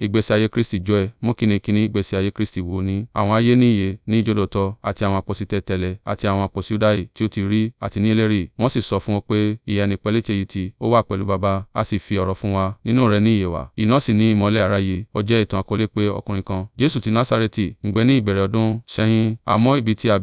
Ìgbésí ayé Kristi jọ ẹ, mú kínníkínní ìgbésí ayé Kristi wò ní àwọn ayé ní ìyè, ní ìjólóòtọ́, àti àwọn àpòsítẹ́ tẹ́lẹ̀, àti àwọn àpòsí Júdàì tí ó ti rí, àti ní ẹlẹ́rìí, wọ́n sì sọ fún ọ pé, ìyè àìnípẹ̀lẹ́tẹ̀ yìí tí ó wà pẹ̀lú Baba, a sì fi ọ̀rọ̀ fún wa, nínú rẹ̀ ni ìyè wà. Iná sì ni ìmọ́lẹ̀ aráyé. Ó jẹ́ ìtàn àkọlé pé ọkùnrin kan, Jesu ti Nasareti, ń ní ìbẹ̀rẹ̀ ọdún sẹ́yìn, àmọ́ ibi tí a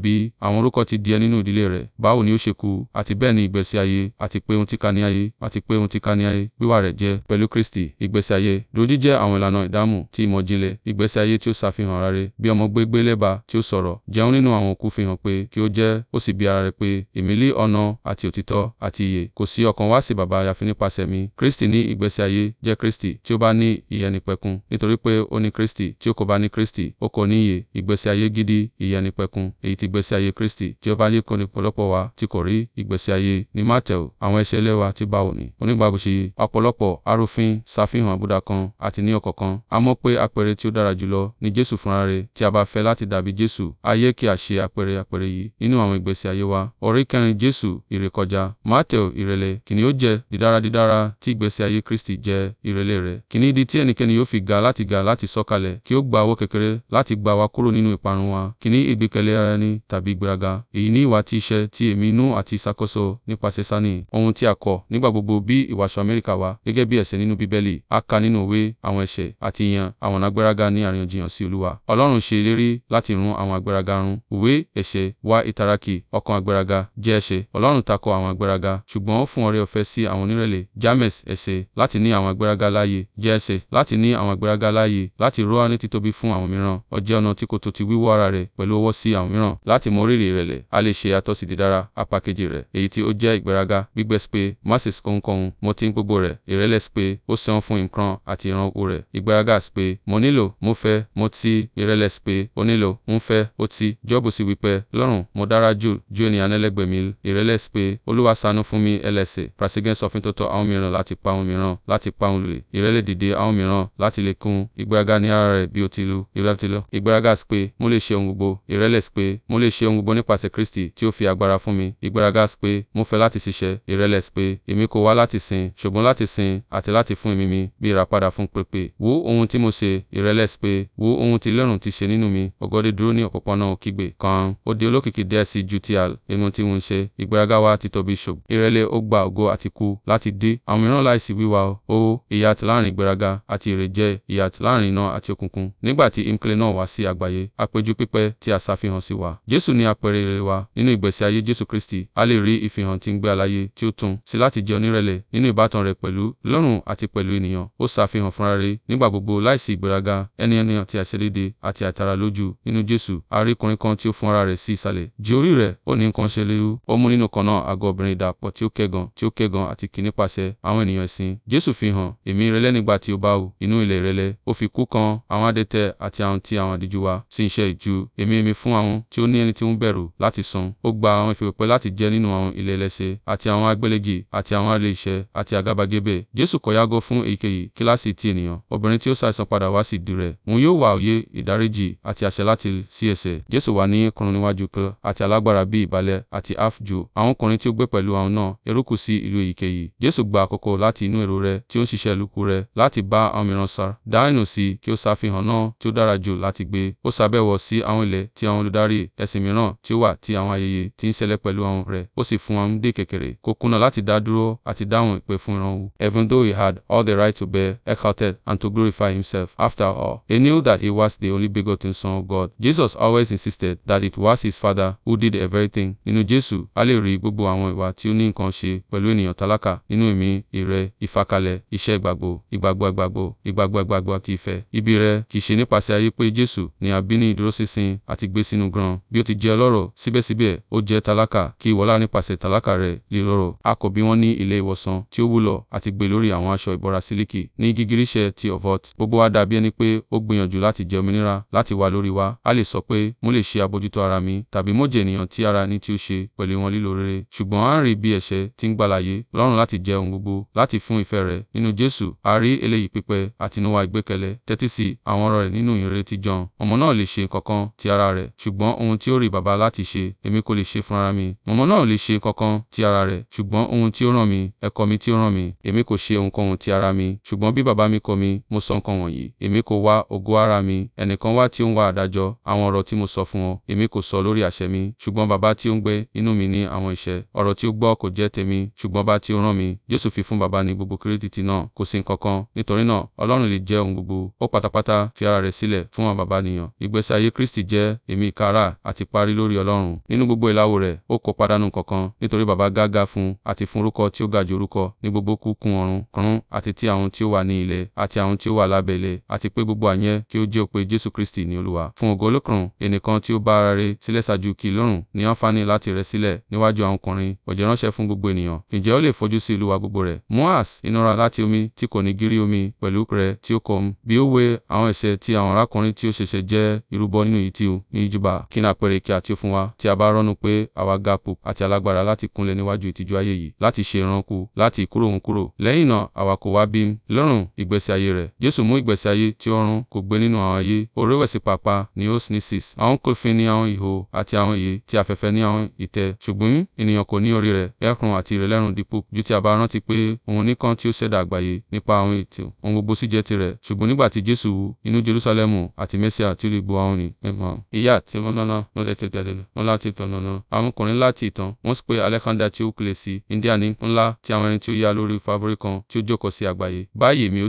àwọn orúkọ ti di ẹ nínú ìdílé rẹ̀. Báwo ni ó ṣe kú, àti bẹ́ẹ̀ ni ìgbésí ayé, àti pé ohun tí ká ní ayé, àti pé ohun tí ká ní ayé, wíwà rẹ̀ jẹ́ pẹ̀lú Kristi. Ìgbésí ayé, dúró jíjẹ́ àwọn ìlànà àfihàn ìdámù tí ìmọ̀ jinlẹ̀, ìgbésí ayé tí ó ṣàfihàn ara rẹ̀, bí ọmọ gbégbé lẹ́bàá tí ó sọ̀rọ̀, jẹun nínú àwọn òkú fihàn pé kí ó jẹ́, ó sì bi ara rẹ̀ pé, èmi lé ọ̀nà àti òtítọ́ àti ìyè, kò sí ọ̀kan wá sí Baba àyàfi nípasẹ̀ mi. Kristi ní ìgbésí ayé jẹ́ Kristi tí ó bá ní ìyẹnipẹ̀kun, nítorí pé ó ní Kristi, tí ó kò bá ní Kristi, ó kò ní ìyè, ìgbésí ayé gidi, ìyẹnipẹ̀kun, èyí ti ìgbésí ayé Kristi, tí ó bá yé kọ́ni pọ̀lọpọ̀ wa tí kò rí ìgbésí ayé ní Mátẹ̀ù, àwọn ẹ̀ṣẹ̀ ẹlẹ́wà ti bá òní, onígbàgbọ́ṣe, ọ̀pọ̀lọpọ̀ arúfin ṣàfihàn àbùdá kan àti ní ọ̀kọ̀ọ̀kan mọ́. A mọ̀ pé àpẹẹrẹ tí ó dára jùlọ ni Jésù fúnra rẹ̀. Tí a bá fẹ́ láti dàbí Jésù, a yẹ kí a ṣe àpẹẹrẹ àpẹẹrẹ yìí nínú àwọn ìgbésí ayé wa. Ọ̀rí kẹrin Jésù, ìrékọjá. Mátẹ̀ọ̀, ìrẹ̀lẹ̀. Kí ó jẹ́ dídára dídára tí ìgbésí ayé Kristi jẹ́ ìrẹ̀lẹ̀ rẹ̀? Kí ni ìdí tí ẹnikẹ́ni yóò fi ga láti ga láti sọ̀kalẹ̀ kí ó gba owó kékeré láti gbà wá kúrò nínú ìparun wa? Kí ni ìgbẹ́kẹ̀lé ara ẹni tàbí ìgbéraga? Èyí ni ìwà ti iṣẹ́ ti ẹ̀mí inú àti ìṣàkóso nípasẹ̀ Sátánì. Ohun tí a kọ̀ nígbà gbogbo bí ìwàásù Amẹ́ríkà wa gẹ́gẹ́ bí ẹ̀ṣẹ̀ nínú Bíbélì, a kà nínú òwe àwọn ẹ̀ṣẹ̀ àti ìyàn àwọn agbéraga ní àríyànjiyàn sí Olúwa. Ọlọ́run ṣe ìlérí láti run àwọn agbéraga run. Ìwé ẹ̀ṣẹ̀ wá ìtàrákì ọkàn agbéraga jẹ́ ẹ̀ṣẹ̀. Ọlọ́run takò àwọn agbéraga, ṣùgbọ́n fún ọrẹ ọ̀fẹ́ sí àwọn onírẹ̀lẹ̀. James ẹ̀ṣẹ̀ láti ní àwọn agbéraga láàyè jẹ́ ẹ̀ṣẹ̀ láti ní àwọn agbéraga láàyè láti rọ́ ní títóbi fún àwọn mìíràn. Ó jẹ́ ọ̀nà tí kò tó ti wíwọ́ ara rẹ̀ pẹ̀lú ọwọ́ sí àwọn mìíràn láti mọ rírì ìrẹ̀lẹ̀. A lè ṣe àtọ́sí dídára apá kejì rẹ̀ èyí tí ó jẹ́ ìgbéraga gbígbẹ́sí pé má ṣe ohunkóhun mo ti ń gbogbo rẹ̀ ìrẹ̀lẹ̀ sí pé ó sẹ́wọ̀n fún nǹkan àti ìran òkú rẹ̀. Ìgbéraga Agas pé, mo nílò, mo fẹ́, mo ti, Ìrẹ̀lẹ́sì pé, ó nílò, ń fẹ́, ó ti, Jọ́bù sì wípé, Lọ́run, mo dára jù, ju ènìyàn ẹlẹ́gbẹ̀ mi, Ìrẹ̀lẹ́sì pé, Olúwa ṣàánú fún mi ẹlẹ́ṣẹ̀. President sọ fún tòótọ́ àwọn mìíràn láti pa àwọn mìíràn, láti pa àwọn olè. Ìrẹ̀lẹ̀ dìde àwọn mìíràn láti lè kún. Ìgbéraga ní ara rẹ̀ bí ó ti lu, Ìrẹ̀lẹ́ ti lọ. Ìgbéraga sì pé, mo lè ṣe ohun gbogbo. Ìrẹ̀lẹ́sì pé, mo lè ṣe ohun gbogbo nípasẹ̀ Kristi tí ó fi agbára fún mi. Ìgbéraga sì pé, mo fẹ́ láti ṣiṣẹ́. Ìrẹ̀lẹ́sì pé, èmi kò wá láti sìn, ṣùgbọ́n láti sìn àti láti fún ẹ̀mí mi bí ìràpadà fún pípé. Wo ohun tí mo ṣe, ìrẹ̀lẹ́sì pé, wo ohun tí Ọlọ́run ti ṣe nínú mi, ògòdè dúró ní òpópónà kígbe kan, ó di olókìkí díẹ̀ sí ju ti ààlà, tí wọ́n ń ṣe, ìgbéraga wa ti tóbi ṣògo, ìrẹ̀lẹ̀ ó gba ògo àti kú láti dé, àwọn mìíràn láìsí wíwá o, ìyàtọ̀ láàárín ìgbéraga àti ìrẹ̀jẹ, ìyàtọ̀ láàárín iná àti òkùnkùn. Nígbà tí ìmísílẹ̀ náà wá sí àgbáyé, àpèjú pípé tí a ṣàfihàn sí wa. Jesu ni àpẹẹrẹ ìrere wa. Nínú ìgbésí ayé Jesu Kristi, a lè rí ìfihàn tí ń gbé aláyé tí ó tún sí láti jẹ́ onírẹ̀lẹ̀ nínú ìbátan rẹ̀ pẹ̀lú Ọlọ́run àti pẹ̀lú ènìyàn. Ó ṣàfihàn fúnra rẹ̀ nígbà nígbà gbogbo láìsí ìgbéraga, ẹni ẹni àti àìṣedéédé àti àìtara lójú nínú Jésù. A rí ọkùnrin kan tí ó fún ara rẹ̀ sí ìsàlẹ̀. Jí orí rẹ̀, ó ní nǹkan ṣe léwu. Ó mú nínú kan náà àgọ́ obìnrin ìdàpọ̀ tí ó kẹ́gan, tí ó kẹ́gan àti kì nípasẹ̀ àwọn ènìyàn ẹ̀sìn. Jésù fihàn, ẹ̀mí ìrẹ̀lẹ̀ nígbà tí ó bá hu, inú ilẹ̀ ìrẹ̀lẹ̀, ó fi kú kan àwọn adẹ́tẹ̀ àti àwọn tí àwọn ìdíjú wa sí iṣẹ́ ìju. Ẹ̀mí ẹ̀mí fún àwọn tí ó ní ẹni tí ń bẹ̀rù láti sùn. Ó gba àwọn ìfìwépè láti jẹ́ nínú àwọn ilẹ̀ ẹlẹ́ṣẹ̀ àti àwọn agbẹ́lẹ́jì àti àwọn àlè iṣẹ́ àti àgàbàgebè. Jésù kò fún èyíkéyìí kíláàsì ti ènìyàn. Obìnrin ọkùnrin tí ó ṣàìsàn padà wá sí ìdí rẹ̀. Òun yóò wá òye, ìdáríjì, àti àṣẹ láti sí ẹ̀ṣẹ̀. Jésù wà ní ọkùnrin níwájú kan, àti alágbára bí ìbálẹ̀, àti áfjù. Àwọn ọkùnrin tí ó gbé pẹ̀lú àwọn náà, eruku sí ìlú èyíkéyìí. Jésù gba àkókò láti inú èrò rẹ̀ tí ó ń ṣiṣẹ́ lukú rẹ̀ láti bá àwọn mìíràn sá. Dá ìnù sí kí ó ṣàfihàn náà tí ó dára jù láti gbé. Ó ṣàbẹ̀wò sí àwọn ilẹ̀ tí àwọn olùdarí ẹ̀sìn mìíràn tí ó wà tí àwọn ayẹyẹ tí ń ṣẹlẹ̀ pẹ̀lú àwọn rẹ̀. Ó sì fún wọn dé kékeré. Kò kùnà láti dá dúró àti dáhùn ìpè fún ìrànwọ́. Even though he had all the right to bear, exalted, and to glory glorify himself. After all, he knew that he was the only begotten Son of God. Jesus always insisted that it was his Father who did everything. Nínú Jésù, a lè rí gbogbo àwọn ìwà tí ó ní nǹkan ṣe pẹ̀lú ènìyàn tálákà nínú ẹ̀mí, ìrẹ, ìfakalẹ̀, iṣẹ́ ìgbàgbọ́, ìgbàgbọ́ ìgbàgbọ́, ìgbàgbọ́ ìgbàgbọ́ àti ìfẹ́. Ibi rẹ̀ kì í ṣe nípasẹ̀ ayé pé Jésù ni a bí ní ìdúróṣinṣin àti gbé sínú gan. Bí ó ti jẹ́ ọlọ́rọ̀, síbẹ̀síbẹ̀ ó jẹ́ tálákà kí ìwọlá nípasẹ̀ tálákà rẹ̀ lè rọrọ̀. A kò bí wọn ní ilé ìwòsàn but gbogbo wa dàbí ẹni pé ó gbìyànjú láti jẹ òmìnira láti wà lórí wa. A lè sọ pé mo lè ṣe àbójútó ara mi tàbí mo jẹ ènìyàn tí ara ẹni tí ó ṣe pẹ̀lú ìwọ̀n lílo rere. Ṣùgbọ́n a ń rí bí ẹ̀ṣẹ̀ ti ń gbàlàyé Ọlọ́run láti jẹ ohun gbogbo láti fún ìfẹ́ rẹ̀ nínú Jésù. A rí eléyìí pípẹ́ àtinúwá ìgbẹ́kẹ̀lé. Tẹ́tí sí àwọn ọ̀rọ̀ rẹ̀ nínú ìrètí John. Ọmọ náà lè ṣe nǹkan kan ti ara rẹ̀, ṣùgbọ́n ohun tí ó rí Baba láti ṣe, èmi kò lè ṣe fún ara mi. Ọmọ náà lè ṣe nǹkan ti ara rẹ̀, ṣùgbọ́n ohun tí ó rán mi, ẹ̀kọ́ mi tí ó rán mi, èmi kò ṣe ohunkóhun ti ara mi. Ṣùgbọ́n bí Baba mi kọ́ mi, mo sọ nǹkan wọ̀nyí. Èmi kò wá ògo ara mi, ẹnìkan wá tí ó ń wá àdájọ́. Àwọn ọ̀rọ̀ tí mo sọ fún ọ, èmi kò sọ lórí àṣẹ mi, ṣùgbọ́n Baba tí ó ń gbé inú mi ní àwọn iṣẹ́. Ọ̀rọ̀ tí ó gbọ́ kò jẹ́ tèmi, ṣùgbọ́n Baba tí ó rán mi. Jesu fi fún Baba ní gbogbo kírẹ́díìtì náà, kò sí nǹkan kan. Nítorí náà, Ọlọ́run lè jẹ́ ohun gbogbo. Ó pátápátá fi ara rẹ̀ sílẹ̀ fún àwọn baba nìyàn. Ìgbésí ayé Kristi jẹ́ èémí ìkára àti parí lórí Ọlọ́run. Nínú gbogbo ìlàwó rẹ̀, ó kò pàdánù nǹkan nítorí Baba gágá fún àti fún orúkọ tí ó ga jù orúkọ ní gbogbo kúkún ọ̀run, ọ̀run àti ti àwọn tí ó wà ní ilẹ̀ àti àwọn tí ó wà lábẹ́ ilẹ̀, àti pé gbogbo àyẹn kí ó jẹ́ pé Jésù Kristi ni Olúwa. Fún ògo Ọlọ́run, ẹnìkan tí ó bá ara rẹ̀ sílẹ̀ ṣáájú kí Ọlọ́run ní àǹfààní láti rẹ̀ sílẹ̀ níwájú àwọn ọkùnrin, ó jẹ́ ránṣẹ́ fún gbogbo ènìyàn. Ǹjẹ́ ó lè fojú sí Olúwa gbogbo rẹ̀? Moas, ìnura láti omi tí kò ní gírí omi pẹ̀lú rẹ̀ tí ó kọm. Bí ó wẹ àwọn ẹ̀ṣẹ̀ tí àwọn arákùnrin tí ó ṣẹ̀ṣẹ̀ jẹ́ irúbọ nínú ìtì ní ìjùbà, kí ni àpẹẹrẹ ìkẹ́ àti òfin wa tí a bá rọ́nú pé àwa ga pò àti alágbára láti kúnlẹ̀ níwájú ìtìjú ayé yìí, láti ṣe ìrànkù, láti ìkúrò òun kúrò. Lẹ́yìn náà, àwa kò wá bí lọ́rùn ìgbésí ayé rẹ̀. Jésù mú ìgbésí ayé tí ọ̀run kò gbé nínú àwọn ayé, orèwẹ̀sì pàápàá ni ó ní sis. Àwọn kòfin ni àwọn ihò àti àwọn ìyè ti afẹ́fẹ́ ní àwọn ìtẹ́, ṣùgbọ́n ènìyàn kò ní orí rẹ̀, ẹ̀kún àti ìrẹ̀lẹ́run dípò ju tí a rántí pé òun nìkan tí ó ṣẹ̀dá àgbáyé nípa àwọn ètò, ohun gbogbo sì jẹ́ tirẹ̀. Ṣùgbọ́n nígbà tí Jésù wu inú Jerúsálẹ́mù àti Mẹ́síà tí ó lè gbọ́ àwọn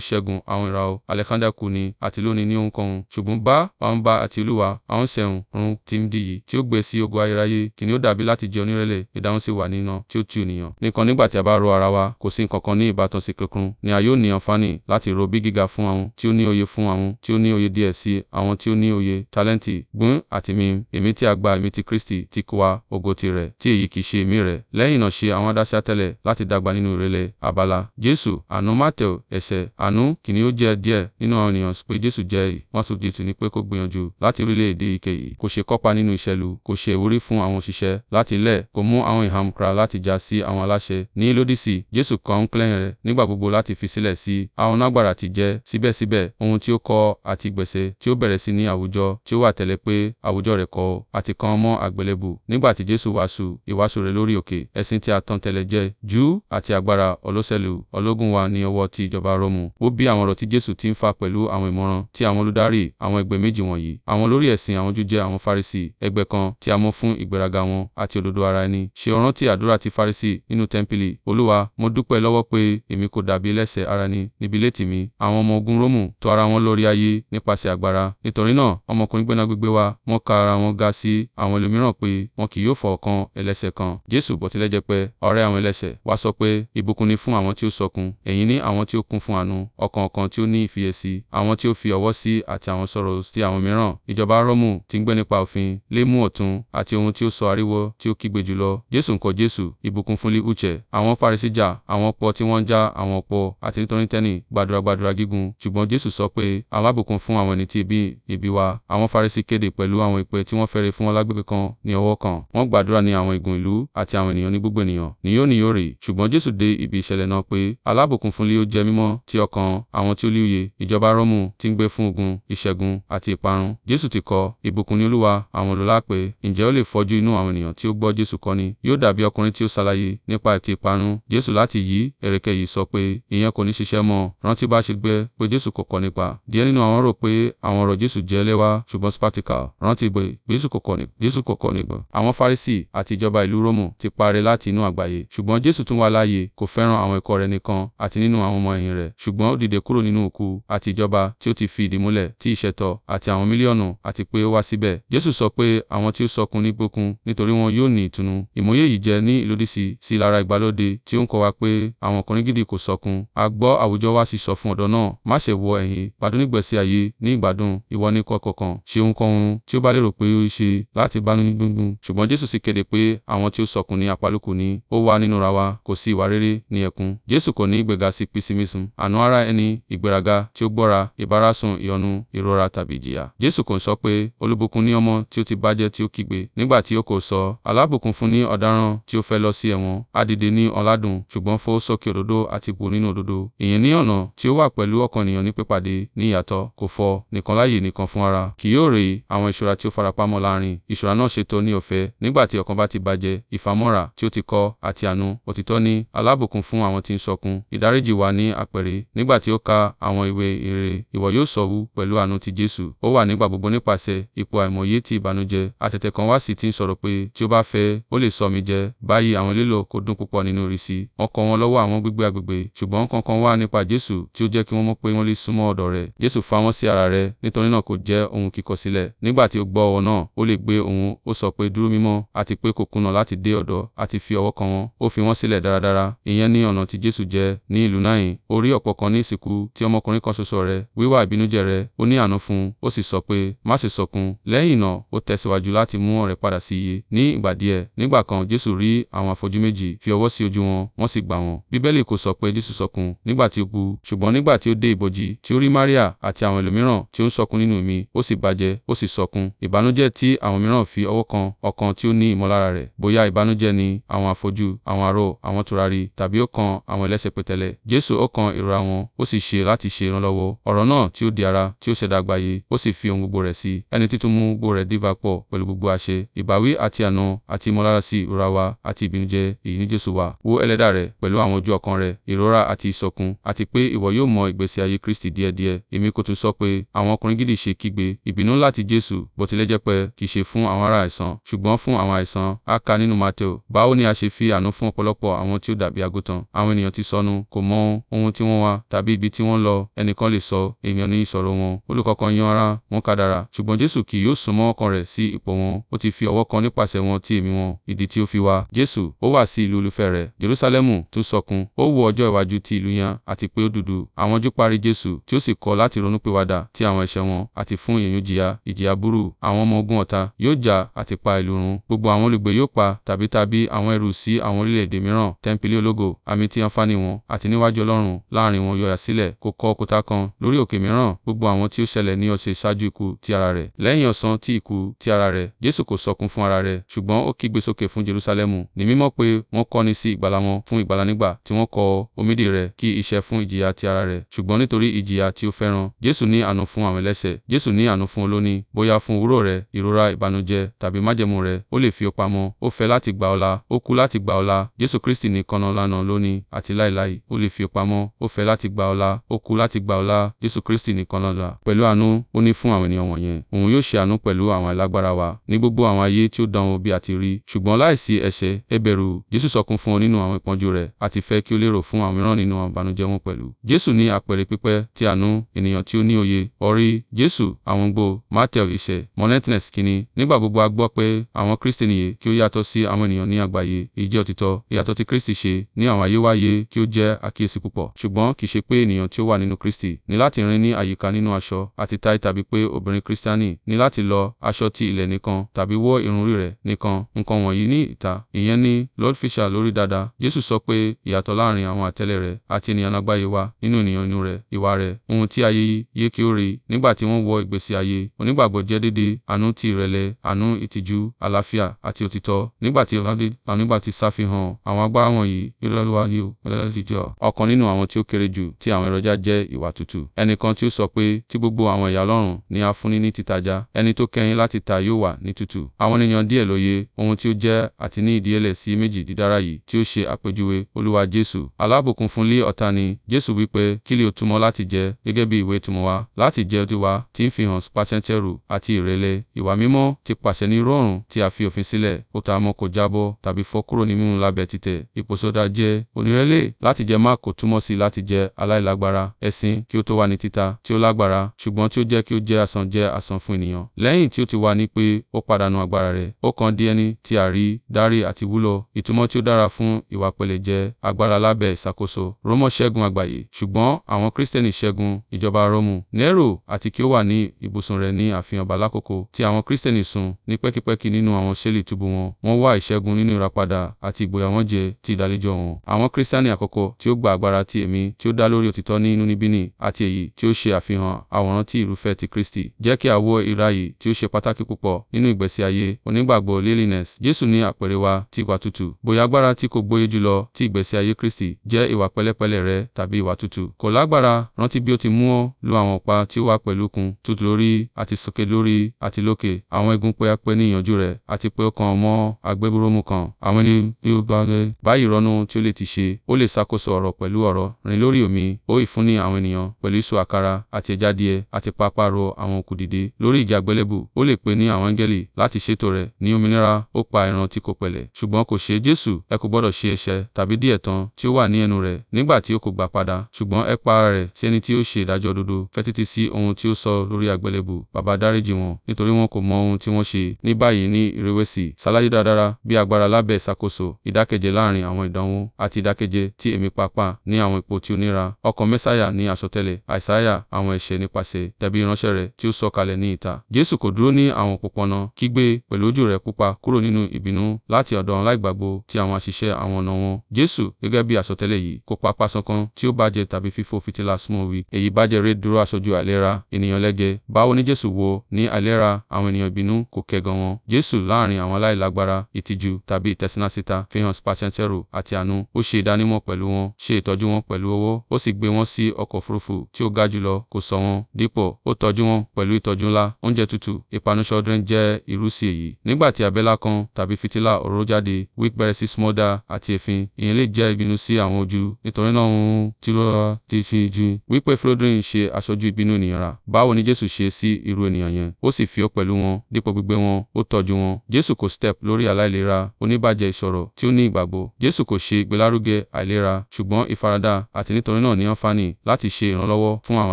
ènìyàn o, Alexander kú ni, àti lónìí ní ohunkóhun. Ṣùgbọ́n bá, àwọn bá àti Olúwa, àwọn sẹ̀hún, run ti ń di yìí, tí ó gbé sí ogun ayérayé, kí ni ó dàbí láti jẹ onírẹ̀lẹ̀, ìdáhùn sì wà nínú tí ó tu ènìyàn. Nìkan nígbà tí a bá ro ara wa, kò sí nǹkan kan ní ìbátan sí kíkún, ni a yóò ní àǹfààní láti ro bí gíga fún àwọn tí ó ní òye fún àwọn tí ó ní òye díẹ̀ sí àwọn tí ó ní òye, tálẹ́ǹtì, gbọ́n àti mímú, èémí tí a gba èémí ti Kristi ti kó wa ògo tirẹ̀, tí èyí kì í ṣe èémí rẹ̀. Lẹ́yìn náà ṣe àwọn adásí àtẹ̀lẹ̀ láti dàgbà nínú ìrẹ̀lẹ̀, abala, Jésù, àánú Mateo, ẹsẹ̀, àánú, kí ni ó jẹ́? díẹ̀ díẹ̀ nínú àwọn ènìyàn pé Jésù jẹ́ èyí, wọ́n tún di ìtù ní pé kó gbìyànjú láti orílẹ̀-èdè ìkẹyìí, kó ṣe kópa nínú ìṣèlú, kó ṣe ìwúrí fún àwọn òṣìṣẹ́ láti ilẹ̀, kó mú àwọn ìhàmọ́ra láti jà sí àwọn aláṣẹ. Ní lòdìsí, Jésù kọ̀ ńkẹlẹ́yìn rẹ̀ nígbà gbogbo láti fi sílẹ̀ sí àwọn onágbára ti jẹ́, síbẹ̀síbẹ̀, ohun tí ó kọ̀ àti ìgbésẹ̀ tí ó bẹ̀rẹ̀ sí ní àwùjọ tí ó wà tẹ́lẹ̀ pé àwùjọ rẹ̀ kọ̀ àti kan mọ́ àgbélébù. Nígbà tí Jésù wàásù, ìwàásù rẹ̀ lórí òkè, ẹ̀sìn tí a tàn tẹ́lẹ̀ jẹ́, Júù àti agbára olóṣèlú, ológun wà ní ọwọ́ ti ìjọba Róòmù. Ó bí àwọn ọ̀rọ̀ tí Jésù Jésù ti ń fà pẹ̀lú àwọn ìmọ̀ràn ti àwọn olùdarí àwọn ẹgbẹ́ méjì wọ̀nyí. Àwọn olórí ẹ̀sìn àwọn Júù àwọn Farisi, ẹgbẹ́ kan tí a mọ̀ fún ìgbéraga wọn àti òdodo ara ẹni. Ṣé o rántí àdúrà ti Farisi nínú tẹ́ḿpìlì? Olúwa, mo dúpẹ́ lọ́wọ́ pé èmi kò dàbí ẹlẹ́ṣẹ̀ ara ẹni níbi ilé tìmí. Àwọn ọmọ ogun Rómù tò ara wọn lórí ayé nípasẹ̀ agbára. Nítorí náà, ọmọkùnrin gbénagbégbé wa, wọ́n ka ara wọn ga sí àwọn ẹlòmíràn pé wọn kì yóò fọwọ́ kan ẹlẹ́ṣẹ̀ kan. Jésù bòtilẹ́jẹ́pẹ́, ọ̀rẹ́ àwọn ẹlẹ́ṣẹ̀, ó ní ìfiyèsí, àwọn tí ó fi ọwọ́ sí àti àwọn sọ̀rọ̀ sí àwọn mìíràn. Ìjọba Róòmù tí ń gbé nípa òfin, léèmù ọ̀tún, àti ohun tí ó sọ ariwo tí ó kígbe jùlọ, Jésù ńkọ́ Jésù, ìbùkún fún Liuche. Àwọn Farisi jà, àwọn ọ̀pọ̀ tí wọ́n ń já àwọn ọ̀pọ̀ àti nítorítẹ́nì, gbàdúràgbàdúrà gígùn. Ṣùgbọ́n Jésù sọ pé, alábùkún fún àwọn ẹni tí ebi, ebi wà. Àwọn Farisi kéde pẹ̀lú àwọn ìpè tí wọ́n fẹ́rẹ̀ fún alágbègbè kan ní ọwọ́ kan. Wọ́n gbàdúrà ní àwọn igun ìlú àti àwọn ènìyàn ní gbogbo ènìyàn, ni yóò ní yóò rì. Ṣùgbọ́n Jésù dé ibi ìṣẹ̀lẹ̀ náà pé, alábùkún fún Liu jẹ́ mímọ́ ti ọkàn àwọn tí ó olúyẹ, ìjọba Romu ti ń gbé fún ogun, ìṣẹ́gun, àti ìparun. Jesu ti kọ, ìbùkún ni Olúwa, àwọn olùlá pé, ǹjẹ́ ó lè fojú inú àwọn ènìyàn tí ó gbọ́ Jesu kọ́ni? Yóò dàbí ọkùnrin tí ó ṣàlàyé nípa ti ìparun. Jesu láti yí ẹ̀rẹ̀kẹ́ yìí sọ pé, ìyẹn kò ní ṣiṣẹ́ mọ́. Rántí bá ṣe gbẹ pé Jesu kò kọ́ nípa. Díẹ̀ nínú àwọn rò pé àwọn ọ̀rọ̀ Jesu jẹ́ lẹ́wà ṣùgbọ́n spectacle. Rántí pé Jesu kò kọ́ nípa. Jesu kò kọ́ nípa. Àwọn Farisi àti ìjọba ìlú Romu ti parẹ́ láti inú àgbáyé. Ṣùgbọ́n Jesu tún wà láàyè, kò fẹ́ràn àwọn ikọ̀ rẹ̀ nìkan àti nínú àwọn ọmọ ẹ̀yìn rẹ̀, ṣùgbọ́n ó dìde kúrò nínú nínú òkú, àti ìjọba tí ó ti fi ìdí múlẹ̀, ti ìṣẹ̀tọ̀, àti àwọn mílíọ̀nù, àti pé ó wá síbẹ̀. Jesu sọ pé àwọn tí ó sọkún ní gbókun, nítorí wọn yóò ní ìtùnú. Ìmòye yìí jẹ́ ní ìlòdìsí sí ìlara ìgbàlódé tí ó ń kọ́ wa pé àwọn ọkùnrin gidi kò sọkún. A gbọ́ àwùjọ wa sì sọ fún ọ̀dọ́ náà, má ṣe wọ ẹ̀yìn, gbádùn nígbèsí ayé, ní ìgbádùn, ìwọ ní kọ̀ọ̀kan, ṣe ohunkóhun tí ó bá lérò pé ó ṣe láti bá nínú gbùngbùn. Ṣùgbọ́n Jesu sì kéde pé àwọn tí ó sọkún ní apalúkù ni, ó wà nínú ra wa, kò sí ìwà rere ní ẹkún. Jesu kò ní ìgbéga sí pessimism, àánú ara ẹni, ìgbéraga ìgbéraga tí ó gbọ́ra, ìbárasùn, ìyọnu, ìrora tàbí ìjìyà. Jésù kò sọ pé olùbùkún ni ọmọ tí ó ti bàjẹ́ tí ó kígbe, nígbà tí ó kò sọ alábùkún fún ni ọ̀daràn tí ó fẹ́ lọ sí ẹ̀wọ̀n, á dìde ní ọ̀làdùn, ṣùgbọ́n fò sókè òdodo àti ipò nínú òdodo. Ìyẹn ní ọ̀nà tí ó wà pẹ̀lú ọkàn ènìyàn ní pípàdé ní ìyàtọ̀, kò fọ nìkan láàyè nìkan fún ara, kì yóò rè àwọn ìṣúra tí ó farapamọ́ láàrín. Ìṣúra náà ṣètò ní ọ̀fẹ́ nígbà tí ọkàn bá ti bàjẹ́, ìfàmọ́ra tí ó ti kọ́ àti àánú, òtítọ́ ni alábùkún fún àwọn tí ń sọkún, ìdáríjì wà ní àpẹẹrẹ nígbà tí ó ka àwọn ìwé ìre. Ìwọ yóò sọ̀wú pẹ̀lú àánú ti Jesu. Ó wà nígbà gbogbo nípasẹ̀ ipò àìmọye ti ìbànújẹ́. Àtẹ̀tẹ̀ kan wá sì ti ń sọ̀rọ̀ pé, tí ó bá fẹ́, ó lè sọ mí jẹ. Báyìí àwọn lílò kò dùn púpọ̀ nínú ìrísí. Wọ́n kọ wọn lọ́wọ́ àwọn gbígbé agbègbè, ṣùgbọ́n nǹkan kan nípa Jesu tí ó jẹ́ kí wọ́n mọ̀ pé wọ́n lè súnmọ́ ọ̀dọ̀ rẹ̀. Jesu fa wọ́n sí ara rẹ̀, nítorí náà kò jẹ́ ohun kíkọ sílẹ̀. Nígbà tí ó gbọ́ ọ̀rọ̀ náà, ó lè gbé ohùn, ó sọ pé dúró mímọ́, àti pé kò kùnà láti dé ọ̀dọ̀, àti fi ọwọ́ kan wọn. Ó fi wọ́n sílẹ̀ dáradára. Ìyẹn ni ọ̀nà tí Jesu jẹ́ ní ìlú Nain. Ó rí ọ̀pọ̀ kan ní ìsìnkú tí ọmọ ọmọkùnrin kan ṣoṣo rẹ, wíwá ìbìnújẹ́ rẹ, ó ní àánú fún un, ó sì sọ pé, má ṣe sọkún. Lẹ́yìn náà, ó tẹ̀síwájú láti mú ọ̀rẹ́ padà sí iye. Ní ìgbà díẹ̀, nígbà kan Jesu rí àwọn afọ́jú méjì, fi ọwọ́ sí ojú wọn, wọ́n sì gbà wọ́n. Bíbélì kò sọ pé Jesu sọkún nígbà tí ó kú, ṣùgbọ́n nígbà tí ó dé ibojì, tí ó rí Maria àti àwọn ẹlòmíràn tí ó ń sọkún nínú ẹ̀mí, ó sì bàjẹ́, ó sì sọkún. Ìbànújẹ́ tí àwọn mìíràn fi ọwọ́ kan ọkàn tí ó ní ìmọ̀lára rẹ̀, bóyá ìbànújẹ́ ni àwọn afọ́jú, àwọn arọ, àwọn tùràrí, tàbí ó kan àwọn ẹlẹ́ṣẹ̀ pẹ̀tẹ́lẹ̀. Jesu ó kan ìrora wọn, ó sì ṣe láti láti ṣe ìrànlọ́wọ́. Ọ̀rọ̀ náà tí ó di ara tí ó ṣẹ̀dá àgbáyé, ó sì fi ohun gbogbo rẹ̀ sí. Ẹni títún mú gbogbo rẹ̀ dìbà pọ̀ pẹ̀lú gbogbo àṣẹ, ìbáwí àti àna àti ìmọ̀lára sí ìrora wa àti ìbìnújẹ́, èyí ni Jésù wa. Wo ẹlẹ́dàá rẹ pẹ̀lú àwọn ojú ọkàn rẹ, ìrora àti ìsọkun, àti pé ìwọ yóò mọ ìgbésí ayé Kristi díẹ̀díẹ̀. Èmi kò tún sọ pé àwọn ọkùnrin gidi ṣe kígbe, ìbínú láti Jésù, bó tilẹ̀ jẹ́ pé kì í ṣe fún àwọn ará àìsàn, ṣùgbọ́n fún àwọn àìsàn. A kà nínú Mateo, báwo ni a ṣe fi àánú fún ọ̀pọ̀lọpọ̀ àwọn tí ó dàbí àgùntàn, àwọn ènìyàn ti sọnù, kò mọ ohun tí wọ́n wá, tàbí ibi tí wọ́n lọ lọ, ẹnìkan lè sọ ènìyàn ní ìṣòro wọn. Olùkọ́ kan yan ara wọn kádàrá, ṣùgbọ́n Jésù kì yóò súnmọ́ ọkàn rẹ̀ sí ipò wọn. Ó ti fi ọwọ́ kan nípasẹ̀ wọn ti ẹ̀mí wọn. Ìdí tí ó fi wá. Jésù, ó wá sí ìlú olùfẹ́ rẹ̀, Jerúsálẹ́mù, tó sọkún. Ó wo ọjọ́ iwájú ti ìlú yẹn àti pé ó dúdú. Àwọn Júù parí Jésù, tí ó sì kọ̀ láti ronúpìwàdà ti àwọn ẹ̀ṣẹ̀ wọn àti fún ìyẹn jìyà, ìjìyà burú. Àwọn ọmọ ogun ọ̀tá yóò jà àti pa ìlú run. Gbogbo àwọn olùgbé yóò pa tàbí tàbí àwọn ẹrú sí àwọn orílẹ̀-èdè mìíràn. Tẹ́ḿpìlì ológo, àmì ti àǹfààní wọn àti níwájú Ọlọ́run, láàrín wọn yóò yà sílẹ̀. Kò kọ́ òkúta kan lórí òkè mìíràn, gbogbo àwọn tí ó ṣẹlẹ̀ ní ọ̀sẹ̀ ṣáájú ikú ti ara rẹ̀. Lẹ́yìn ọ̀sán ti ikú ti ara rẹ̀, Jesu kò sọkún fún ara rẹ̀, ṣùgbọ́n ó kígbe sókè fún Jerusalẹmu ní mímọ́ pé wọ́n kọ́ni sí ìgbàlà wọn fún ìgbàlà nígbà tí wọ́n kọ omídìí rẹ̀ kì í ṣe fún ìjìyà ti ara rẹ̀, ṣùgbọ́n nítorí ìjìyà tí ó fẹ́ràn. Jesu ní àánú fún àwọn ẹlẹ́ṣẹ̀, Jesu ní àánú fún olóní, bóyá fún òwúrò rẹ̀, ìrora ìbànújẹ́ tàbí májẹ̀mú rẹ̀, ó lè fi ó pamọ́, ó fẹ́ láti gbà ọ́ là, ó kú láti gbà ọ́ là, Jesu Kristi nìkan lánàá lónìí àti láéláé, ó lè fi ó pamọ́, ó fẹ́ láti gbà ọ́ ó kú kú láti gba ọlá, Jésù Kristi nìkan lọ́lá. Pẹ̀lú àánú, ó ní fún àwọn ènìyàn wọ̀nyẹn. Òun yóò ṣe àánú pẹ̀lú àwọn alágbára wa ní gbogbo àwọn ayé tí ó dánwò bí a ti rí. Ṣùgbọ́n láìsí ẹ̀ṣẹ̀, ẹ bẹ̀rù, Jésù sọkún fún ọ nínú àwọn ìpọ́njú rẹ̀, àti fẹ́ kí ó lérò fún àwọn mìíràn nínú àwọn ìbànújẹ́ wọn pẹ̀lú. Jésù ní àpẹẹrẹ pípẹ́ ti àánú, ènìyàn tí ó ní òye. Ọ̀rí, Jésù, àwọn gbò, Matthew iṣẹ́, Monetiness kìíní. Nígbà gbogbo a gbọ́ pé àwọn Kristẹni yè kí ó yàtọ̀ sí àwọn ènìyàn ní àgbáyé. Èyí òtítọ́, ìyàtọ̀ tí Kristi ṣe ní àwọn ayé wáyé kí ó jẹ́ àkíyèsí púpọ̀. Ṣùgbọ́n kì í ṣe pé ènìyàn tí ó wà wà nínú Kristi, ní láti rìn ní àyíká nínú aṣọ àti táì tàbí pé obìnrin Kristiani ní láti lọ aṣọ ti ilẹ̀ nìkan tàbí wọ irun orí rẹ̀ nìkan. Nǹkan wọ̀nyí ní ìta, ìyẹn ni Lord Fisher lórí dada. Jesu sọ pé ìyàtọ̀ láàrín àwọn àtẹ̀lé rẹ̀ àti ènìyàn àgbáyé wà nínú ènìyàn inú rẹ̀, ìwà rẹ̀, ohun tí ayé yẹ kí ó rí nígbà tí wọ́n wọ ìgbésí ayé. Onígbàgbọ́ jẹ́ déédéé, àánú ti ìrẹ̀lẹ̀, àánú, ìtìjú, àlàáfíà àti òtítọ́. Nígbà tí Ọlọ́dẹ nígbà tí ṣàfihàn àwọn agbára wọ̀nyí, ìrọ̀lúwa yóò ọ̀kan nínú àwọn tí ó kéré jù tí àwọn èròjà jẹ́ ìwà tútù. Ẹnìkan tí ó sọ pé, tí gbogbo àwọn ẹ̀yà Ọlọ́run ni a fún ní ní títajà, ẹni tó kẹ́yìn láti ta yóò wà ní tútù. Àwọn ènìyàn díẹ̀ lóye ohun tí ó jẹ́ àti ní ìdíyelé sí méjì dídára yìí tí ó ṣe àpèjúwe Olúwa Jésù. Alábùkún fún lé ọ̀tá ni, Jésù wí pé, kí lè o túmọ̀ láti jẹ, gẹ́gẹ́ bí ìwé túmọ̀ wá, láti jẹ ọdún wa, tí ń fihàn pàṣẹ́ntẹ́rù àti ìrẹ̀lẹ̀, ìwà mímọ́, ti pàṣẹ ní rọrùn tí a fi òfin sílẹ̀, òkúta mọ́ kò jábọ́ tàbí fọ́ kúrò ní mímú lábẹ́ títẹ̀, ìpòsódà jẹ́ onírẹ̀lẹ̀, láti jẹ má kò túmọ̀ sí láti jẹ aláìlágbára ẹ̀sìn kí ó tó wà ní títà tí ó lágbára, ṣùgbọ́n tí ó jẹ́ kí ó jẹ́ asán jẹ́ asán fún ènìyàn. Lẹ́yìn tí ó ti wà ní pé ó pàdánù agbára rẹ̀, ó kan di ẹni tí a rí, dárí àti wúlò. Ìtumọ̀ tí ó dára fún ìwà pẹ̀lẹ́ jẹ́ agbára lábẹ́ ìṣàkóso. Rómù ṣẹ́gun àgbáyé. Ṣùgbọ́n àwọn Kristẹni ṣẹ́gun ìjọba Rómù. Nero àti kí ó wà ní ibùsùn rẹ̀ ní àfihàn ọba lákòókò tí àwọn Kristẹni sùn ní pẹ́kípẹ́kí nínú àwọn sẹ́ẹ̀lì túbú wọn. Wọ́n wá ìṣẹ́gun nínú ìràpadà àti ìgboyà wọn jẹ́ ti ìdálẹ́jọ́ wọn. Àwọn Kristẹni àkọ́kọ́ tí ó gba agbára ti ẹ̀mí tí ó dá lórí òtítọ́ ní inúnibíni àti èyí tí ó ṣe àfihàn àwòrán ti irúfẹ́ ti Kristi. Jẹ́ kí a wo ìra yìí tí ó ṣe pàtàkì púpọ̀ nínú ìgbésí ayé onígbàgbọ́ lélíness. Jésù ni àpẹẹrẹ wa ti ìwà tútù. Bóyá agbára tí kò gbóyè jùlọ ti ìgbésí ayé Kristi jẹ́ ìwà pẹ̀lẹ́pẹ̀lẹ́ rẹ tàbí ìwà tútù. Kò lágbára, rántí bí ó ti mú ọ lu àwọn ọ̀pá tí ó wà pẹ̀lú okùn tútù lórí àti sókè lórí àti lókè. Àwọn igun pé a ní ìyànjú rẹ̀ àti pé ó kan mọ́ agbébúrómù kan. Àwọn ẹni bí ó bá báyìí rọ́nú tí ó lè ti ṣe, ó lè ṣàkóso ọ̀rọ̀ pẹ̀lú ọ̀rọ̀, rìn lórí omi, ó ìfúnni láàárín àwọn ènìyàn pẹ̀lú ìṣù àkàrà àti ẹja díẹ̀ àti pàápàá rọ àwọn òkú dìde lórí ìjà àgbélébù. Ó lè pè ní àwọn áńgẹ́lì láti ṣètò rẹ̀ ní òmìnira ó pa ẹran tí kò pẹ̀lẹ̀. Ṣùgbọ́n kò ṣe Jésù, ẹ kò gbọdọ̀ ṣe ẹ̀ṣẹ̀ tàbí dí ẹ̀tàn tí ó wà ní ẹnu rẹ̀ nígbà tí ó kò gbà padà. Ṣùgbọ́n ẹ pa ara rẹ̀ sí ẹni tí ó ṣe ìdájọ́ òdodo fẹ́títí sí ohun tí ó sọ lórí àgbélébù. Baba dáríjì wọn, nítorí wọn kò mọ ohun tí wọ́n ṣe. Ní báyìí ní ìrẹ̀wẹ̀sì, ṣáláyé dáradára bí agbára lábẹ́ ìṣàkóso, ìdákẹ́jẹ́ láàárín àwọn ìdánwò, àti ìdákẹ́jẹ́ tí èmi pàápàá ní àwọn ipò tí ó nira. Ọkàn Mẹ́sáyà Isaiah ní àsọtẹ́lẹ̀. Isaiah àwọn ẹ̀ṣẹ̀ nípasẹ̀ tàbí ìránṣẹ́ rẹ̀ tí ó sọ̀kalẹ̀ ní ìta. Jésù kò dúró ní àwọn òpópónà kígbe pẹ̀lú ojú rẹ̀ pupa kúrò nínú ìbínú láti ọ̀dọ̀ àwọn aláìgbàgbọ́ ti àwọn àṣìṣe àwọn ọ̀nà wọn. Jésù, gẹ́gẹ́ bí àsọtẹ́lẹ̀ yìí, kò pa apá sankan tí ó bàjẹ́ tàbí fífò fìtílà smowi. Èyí bàjẹ́ rẹ̀ dúró aṣojú àìlera ènìyàn lẹ́jẹ̀. Báwo ni Jésù wọ ní àìlera àwọn ènìyàn ìbínú kò kẹ́gan wọn? Jésù láàárín àwọn aláìlágbára, ìtìjú tàbí ìtẹ̀sínásíta fi hàn pàṣẹntẹ́rù àti àánú. Ó ṣe ìdánimọ̀ pẹ̀lú wọn, ṣe ìtọ́jú wọn pẹ̀lú ọwọ́, ó sì gbé wọn sí ọkọ̀ òfurufú tí ó ga jùlọ kò sọ wọ́n, dípò ó tọ́jú wọn pẹ̀lú ìtọ́jú ńlá. Oúnjẹ tútù, ìpanu sardine jẹ́ ìrúsí èyí. Nígbà tí abẹ́là kan tàbí fìtílà òróró jáde, wick bẹ̀rẹ̀ sí smolder àti èéfín. Ìyẹn lè jẹ́ ìbínú sí àwọn ojú, nítorí náà òun ti rọra ti fi jù. Wípé Flodrin ṣe aṣojú ìbínú ènìyàn rà. Báwo ni Jésù ṣe sí irú ènìyàn yẹn? Ó sì fi ó pẹ̀lú wọn, dípò gbígbé wọn, ó tọ́jú wọn. Jésù kò step lórí aláìlera, oníbàjẹ́ ìṣòro tí ó ní ìgbàgbọ́. Jésù kò ṣe ìgbélárugẹ àìlera, ṣùgbọ́n ìfaradà àti nítorí náà ní àǹfààní láti ṣe ìrànlọ́wọ́ fún àwọn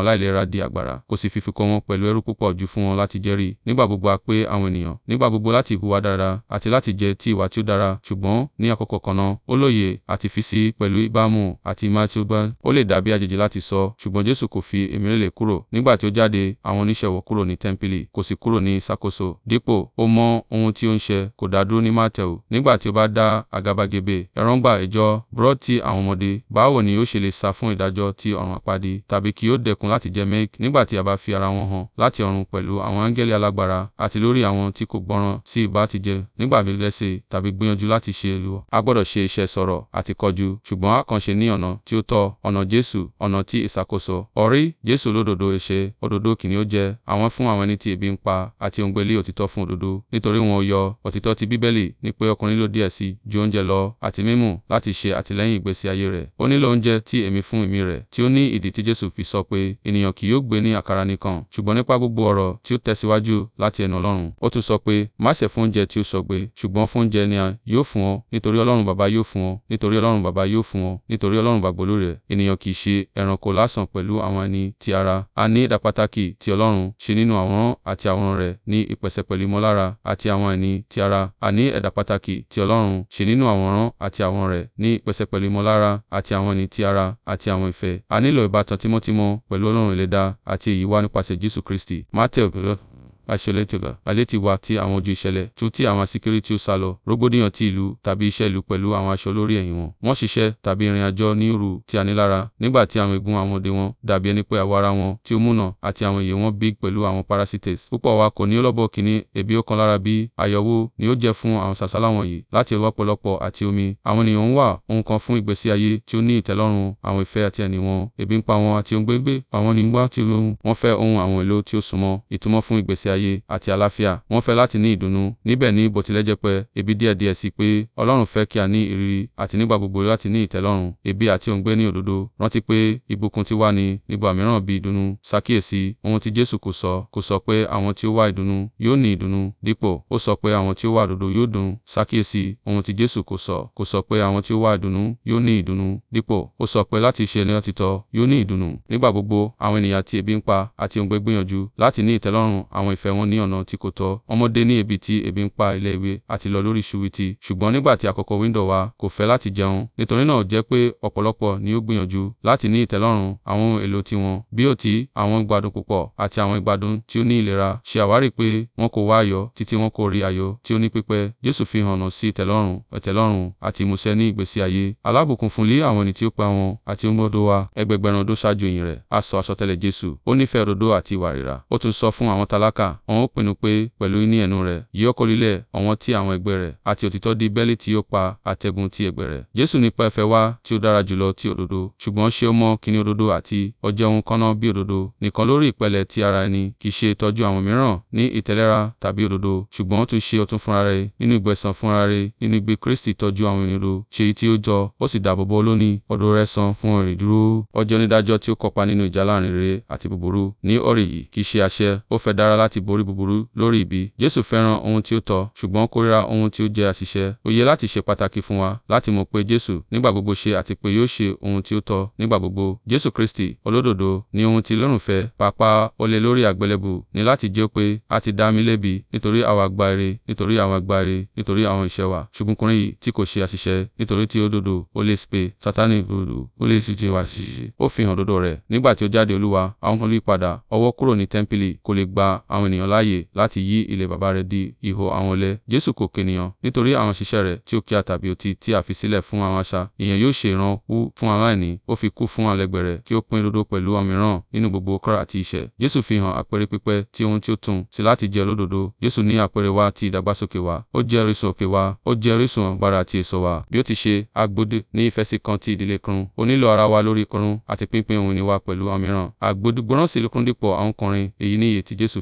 aláìlera di agbára, kò sì fífikọ wọn pẹ̀lú ẹrú púpọ̀ jù fún wọn láti jẹ́rìí nígbà gbogbo a pé àwọn ènìyàn nígbà gbogbo láti hùwà dáradára àti láti jẹ́ ti ìwà tí ó dára, ṣùgbọ́n ní àkókò kan náà, ó lóye àti fi sí pẹ̀lú ìbámu àti ìmá tí ó gbà. Ó lè dàbí àjèjì láti sọ, ṣùgbọ́n Jésù kò fi èmí lélẹ̀ kúrò. Nígbà tí ó jáde, àwọn oníṣẹ̀wọ̀ kúrò ní tẹ́ḿpìlì, kò sì kúrò ní ìṣàkóso. Dípò, ó mọ ohun tí ó ń ṣe, kò dádúró ní Mateu. Nígbà tí ó bá dá àgàbàgebè, èròǹgbà ìjọ, búrọ́dì àwọn ọmọdé, báwo ni ó ṣe lè sá fún ìdájọ́ ti ọ̀ràn pàdé, tàbí kí ó dẹ́kun láti jẹ́ Mek nígbà tí a bá fi ara wọn hàn láti ọ̀run pẹ̀lú àwọn angẹli alágbára àti lórí àwọn tí kò gbọ́ràn sí ìbátijẹ́ nígbà bí lẹ́sẹ̀ tàbí gbìyànjú láti ṣe èlùbọ́. A gbọ́dọ̀ ṣe iṣẹ́ sọ̀rọ̀ àti kọjú, ṣùgbọ́n àkànṣe ní ọ̀nà tí ó tọ́, ọ̀nà Jésù, ọ̀nà ti ìṣàkóso. Ọ̀rí, Jésù olódodo ìṣe, òdodo kìíní ó jẹ́, àwọn fún àwọn ẹni tí ebi ń pa àti òǹgbẹ́lé òtítọ́ fún òdodo, nítorí wọn ó yọ òtítọ́ ti Bíbélì ní pé ọkùnrin nílò díẹ̀ sí ju oúnjẹ lọ àti mímu láti ṣe àtìlẹ́yìn ìgbésí ayé rẹ̀. Ó nílò oúnjẹ tí èémí fún ẹ̀mí rẹ̀, tí ó ní ìdí tí Jésù fi sọ pé, ènìyàn kì yóò gbé ní àkàrà nìkan, ṣùgbọ́n nípa gbogbo ọ̀rọ̀ tí ó tẹ̀síwájú láti ẹnu Ọlọ́run. Ó tún sọ pé, má ṣe fún oúnjẹ tí ó ṣọ̀gbẹ, ṣùgbọ́n fún oúnjẹ ni a yóò fún ọ, nítorí Ọlọ́run Baba yóò fún ọ, nítorí Ọlọ́run Baba yóò fún ọ, nítorí Ọlọ́run Baba olóore. Ènìyàn kì í ṣe ẹranko lásán pẹ̀lú àwọn ẹni ti ara. A ní ìdàpàtàkì tí Ọlọ́run ṣe nínú àwòrán àti àwòrán rẹ̀ ní ìpẹ̀sẹ̀ pẹ̀lú ìmọ̀lára àti àwọn ẹni ti ara. A ní ẹ̀dà pàtàkì tí Ọlọ́run ṣe nínú àwòrán àti àwòrán rẹ̀ ní ìpẹ̀sẹ̀ pẹ̀lú ìmọ̀lára àti àwọn ẹni ti ara àti àwọn ìfẹ́. A ní nílò ìbátan tímọ́tímọ́ pẹ̀lú Ọlọ́run ìlẹ́dà àti èyí wá nípasẹ̀ Jésù Kristi. Matthew àṣẹlẹ̀ tẹ̀lá, àlétí wa ti àwọn ojú ìṣẹ̀lẹ̀ tún tí àwọn asíkiri tí ó sálọ, rògbòdìyàn ti ìlú tàbí iṣẹ́ ìlú pẹ̀lú àwọn aṣọ olórí ẹ̀yìn wọn. Wọ́n ṣiṣẹ́ tàbí ìrìn àjò ní òru tí a ní lára, nígbà tí àwọn eegun àwọn ọdẹ wọn dàbí ẹni pé àwọ̀ ara wọn tí ó múnà àti àwọn ìyẹ́ wọn big pẹ̀lú àwọn parasites. Púpọ̀ wa kò ní ọlọ́bọ̀ kìíní, ebi ó kan lára bí àyọ̀wò ni ó jẹ́ fún àwọn sàsálà wọ̀nyí láti rí ọ̀pọ̀lọpọ̀ àti omi. Àwọn ènìyàn ń wá ohun kan fún ìgbésí ayé tí ó ní ìtẹ́lọ́rùn, àwọn ìfẹ́ àti ẹ̀mí wọn, ebi ń pa wọn àti òǹgbẹ̀gbẹ̀, àwọn ènìyàn ń wá ti olóhùn, wọ́n fẹ́ ohun àwọn èlò tí ó súnmọ́, ìtumọ̀ fún ìgbésí ayé ayé àti àlàáfíà. Wọ́n fẹ́ láti ní ìdùnnú. Níbẹ̀ ni bó tilẹ̀ jẹ́ pé ebi díẹ̀díẹ̀ sí pé Ọlọ́run fẹ́ kí a ní ìrírí àti nígbà gbogbo láti ní ìtẹ́lọ́run, ebi àti òǹgbẹ ní òdodo. Rántí pé ìbùkún ti wà ní nígbà mìíràn bí ìdùnnú. Ṣàkíyèsí, ohun tí Jésù kò sọ, kò sọ pé àwọn tí ó wá ìdùnnú yóò ní ìdùnnú. Dípò, ó sọ pé àwọn tí ó wá òdodo yóò dùn. Ṣàkíyèsí, ohun tí Jésù kò sọ, kò sọ pé àwọn tí ó wá ìdùnnú yóò ní ìdùnnú. Dípò, ó sọ pé láti ṣe ènìyàn títọ́ yóò ní ìdùnnú. Nígbà gbogbo, àwọn ènìyàn tí ebi ń pa àti òǹgbẹ gbìyànjú láti ní ìtẹ́lọ́run àwọn ìfẹ́ ìfẹ́ wọn ní ọ̀nà tí kò tọ́. Ọmọdé ní ebi tí ebi ń pa ilé ìwé àti lọ lórí ṣùwìtì. Ṣùgbọ́n nígbà tí àkókò wíńdò wa kò fẹ́ láti jẹun. Nítorí náà jẹ́ pé ọ̀pọ̀lọpọ̀ ni ó gbìyànjú láti ní ìtẹ́lọ́rùn àwọn ohun èlò tiwọn, bí ó ti àwọn ìgbádùn púpọ̀ àti àwọn ìgbádùn tí ó ní ìlera. Ṣe àwárí pé wọn kò wá ayọ̀ títí wọn kò rí ayọ̀ tí ó ní pípẹ́. Jésù fi hàn ọ̀nà sí ìtẹ́lọ́rùn, ìtẹ́lọ́run àti ìmúṣẹ ní ìgbésí ayé. Alábùkún fún lé àwọn ẹni tí ó pa wọn àti ohun wa ẹgbẹgbẹ̀rún ọdún ṣáájú ìyìn rẹ̀. A sọ àsọtẹ́lẹ̀ Jésù, ó nífẹ̀ẹ́ òdodo àti ìwà rírà. Ó tún sọ fún àwọn tálákà òun ó pinnu pé pẹ̀lú ní ẹnu rẹ̀ yóò kọlílẹ̀ ọ̀wọ́n ti àwọn ẹgbẹ́ rẹ̀ àti òtítọ́ di bẹ́lí tí ó pa àtẹ̀gùn ti ẹgbẹ́ rẹ̀. Jésù nípa ìfẹ́ wa tí ó dára jùlọ ti òdodo, ṣùgbọ́n ṣé o mọ̀ kíni òdodo àti ọjọ́ òun kọ́ná bí òdodo nìkan lórí ìpẹ̀lẹ̀ ti ara ẹni kì í ṣe ìtọ́jú àwọn mìíràn ní ìtẹ̀lẹ́ra tàbí òdodo, ṣùgbọ́n ó tún ṣe ọ̀tún fúnra rẹ̀ nínú ìgbẹ̀san fúnra rẹ̀ nínú ìgbé Kristi tọ́jú àwọn ènìyàn ro, ṣe èyí tí ó jọ, ó sì dáàbò bo lónìí, ọ̀dọ̀ rẹ̀ san fún ọ̀rìn dúró. Ó jẹ́ tí ó kópa nínú ìjà láàrin rere àti búburú. Ní ọ̀rọ̀ yìí, kì í ṣe àṣẹ, ó fẹ́ dára láti borí búburú lórí ibi. Jésù fẹ́ràn ohun tí ó tọ́, ṣùgbọ́n kórìíra ohun tí ó jẹ́ àṣìṣe. Ó yẹ láti ṣe pàtàkì fún wa láti mọ̀ pé Jésù nígbà gbogbo ṣe àti pé yóò ṣe ohun tí ó tọ́ nígbà gbogbo. Jésù Kristi, olódodo, ni ohun tí Ọlọ́run fẹ́. Pàápàá ó lé lórí àgbélébù ní láti jẹ́ pé a ti dá mi lẹ́bi nítorí àwa gba èrè, nítorí àwọn gba èrè, nítorí àwọn ìṣe wa. Ṣùgbọ́n ọkùnrin yìí tí kò ṣe àṣìṣe, nítorí tí ó ó lè pè Sátánì rúdurùdu, ó lè sì wa ṣíṣe. Ó fi hàn ènìyàn láàyè láti yí ilé baba rẹ̀ di ihò àwọn ọ̀lẹ. Jésù kò kènìyàn nítorí àwọn ṣiṣẹ́ rẹ̀ tí ó kíá tàbí ọtí tí a fi sílẹ̀ fún àwọn àṣà. Ìyẹn yóò ṣe ìrànwọ́ fún aláìní. Ó fi kú fún alẹ́gbẹ̀ rẹ̀ kí ó pín òdodo pẹ̀lú àwọn mìíràn nínú gbogbo ọ̀kárà àti ìṣẹ́. Jésù fi hàn àpẹẹrẹ pípẹ́ tí ohun tí ó tún sí láti jẹ́ olódodo. Jésù ní àpẹẹrẹ wa ti ìdàgbàsókè wa. Ó jẹ́ orísun òkè wa. Ó jẹ́ orísun agbára àti èso wa. Bí ó ti ṣe agbódé ní ìfẹ́sí kan ti ìdílé kan. Ó nílò ara wa lórí kan àti pínpín ohun ìní wa pẹ̀lú àwọn mìíràn. Agbódúgbòràn sí lókun ni iye tí Jésù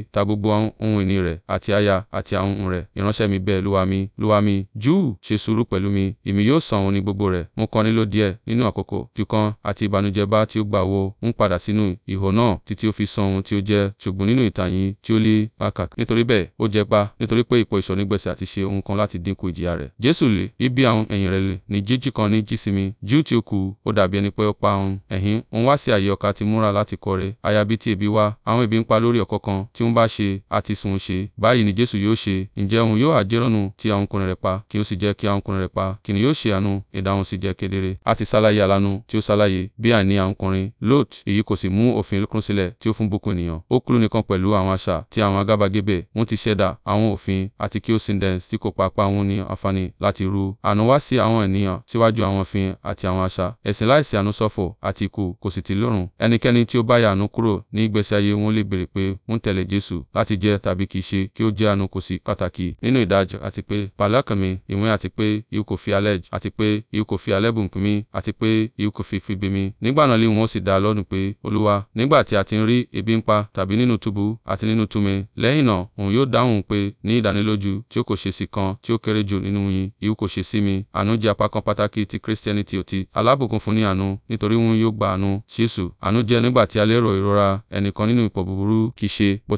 mi, ta gbogbo ohun ìní rẹ̀ àti aya àti àwọn ohun rẹ̀. Ìránṣẹ́ mi bẹ Olúwa mi, Olúwa mi, Júù, ṣe sùúrù pẹ̀lú mi, èmi yóò san òun ní gbogbo rẹ̀. Mo kàn nílò díẹ̀ nínú àkókò, jùkan àti ìbànújẹ́ bá tí ó gbà wo, ń padà sínú ihò náà títí ó fi san ohun tí ó jẹ́, ṣùgbọ́n nínú ìtàn tí ó lé wákàkì. Nítorí bẹ́ẹ̀, ó jẹ pa, nítorí pé ipò ìṣòro nígbèsè àti ṣe ohun kan láti dínkù ìjìyà rẹ̀. Jésù lè, bíbí àwọn ẹ̀yìn rẹ̀ lè, ní jíjí kan ní jísimi, Júù tí ó kú, ó dàbí ẹni pé ó pa òun, ẹ̀hín, òun wá sí ààyè ọkà ti múra láti kórè, aya bí tí ebi wá, àwọn ebi ń pa lórí ọ̀kọ̀ọ̀kan tí tí òun bá ṣe, àti sùn ṣe. Báyìí ni Jésù yóò ṣe. Ǹjẹ́ òun yóò àjẹrọ́nu ti àwọn ọkùnrin rẹ̀ pa, kí ó sì jẹ́ kí àwọn ọkùnrin rẹ̀ pa, kí ni yóò ṣe àánú, ìdáhùn sì jẹ́ kedere. A ti ṣàlàyé àlànà tí ó ṣàlàyé bí àìní àwọn ọkùnrin Lot, èyí kò sì mú òfin kúrò sílẹ̀ tí ó fún bùkún ènìyàn. Ó kúrò nìkan pẹ̀lú àwọn àṣà tí àwọn àgàbàgebè wọ́n ti ṣẹ̀dá, àwọn òfin, àti kí ó sìndẹ̀nsì tí kò pàápàá wọn ní àǹfààní láti rú àánú wá sí àwọn ènìyàn síwájú àwọn òfin àti àwọn àṣà. Ẹ̀sìn láìsí àánú ṣọ̀fọ̀ àti ikú kò sì ti lọ́rùn. Ẹnikẹ́ni tí ó bá yà àánú kúrò ní ìgbésí ayé wọn lè béèrè pé wọ́n tẹ̀lé Jésù láti jẹ́ tàbí kì í ṣe kí ó jẹ́ àánú kò sí pàtàkì nínú ìdájọ́ àti pé pàlọ́kàn mi ìwé àti pé ìwọ kò fi alẹ́ àti pé ìwọ kò fi alẹ́ bùnkún mi àti pé ìwọ kò fi fi bí mi. Nígbà náà lé wọn sì dá lọ́dún pé Olúwa nígbà tí a ti ń rí ebi ń pa tàbí nínú túbú àti nínú túmi lẹ́yìn náà òun yóò dáhùn pé ní ìdánilójú tí ó kò ṣe sí kan tí ó kéré jù nínú yín ìwọ kò ṣe sí mi àánú jẹ́ apá kan pàtàkì ti Kristiẹni tí ti alábùkún fún ní àánú nítorí òun yóò gba àánú Jésù àánú jẹ́ nígbà tí a lérò ìrora ẹnìkan nínú ipò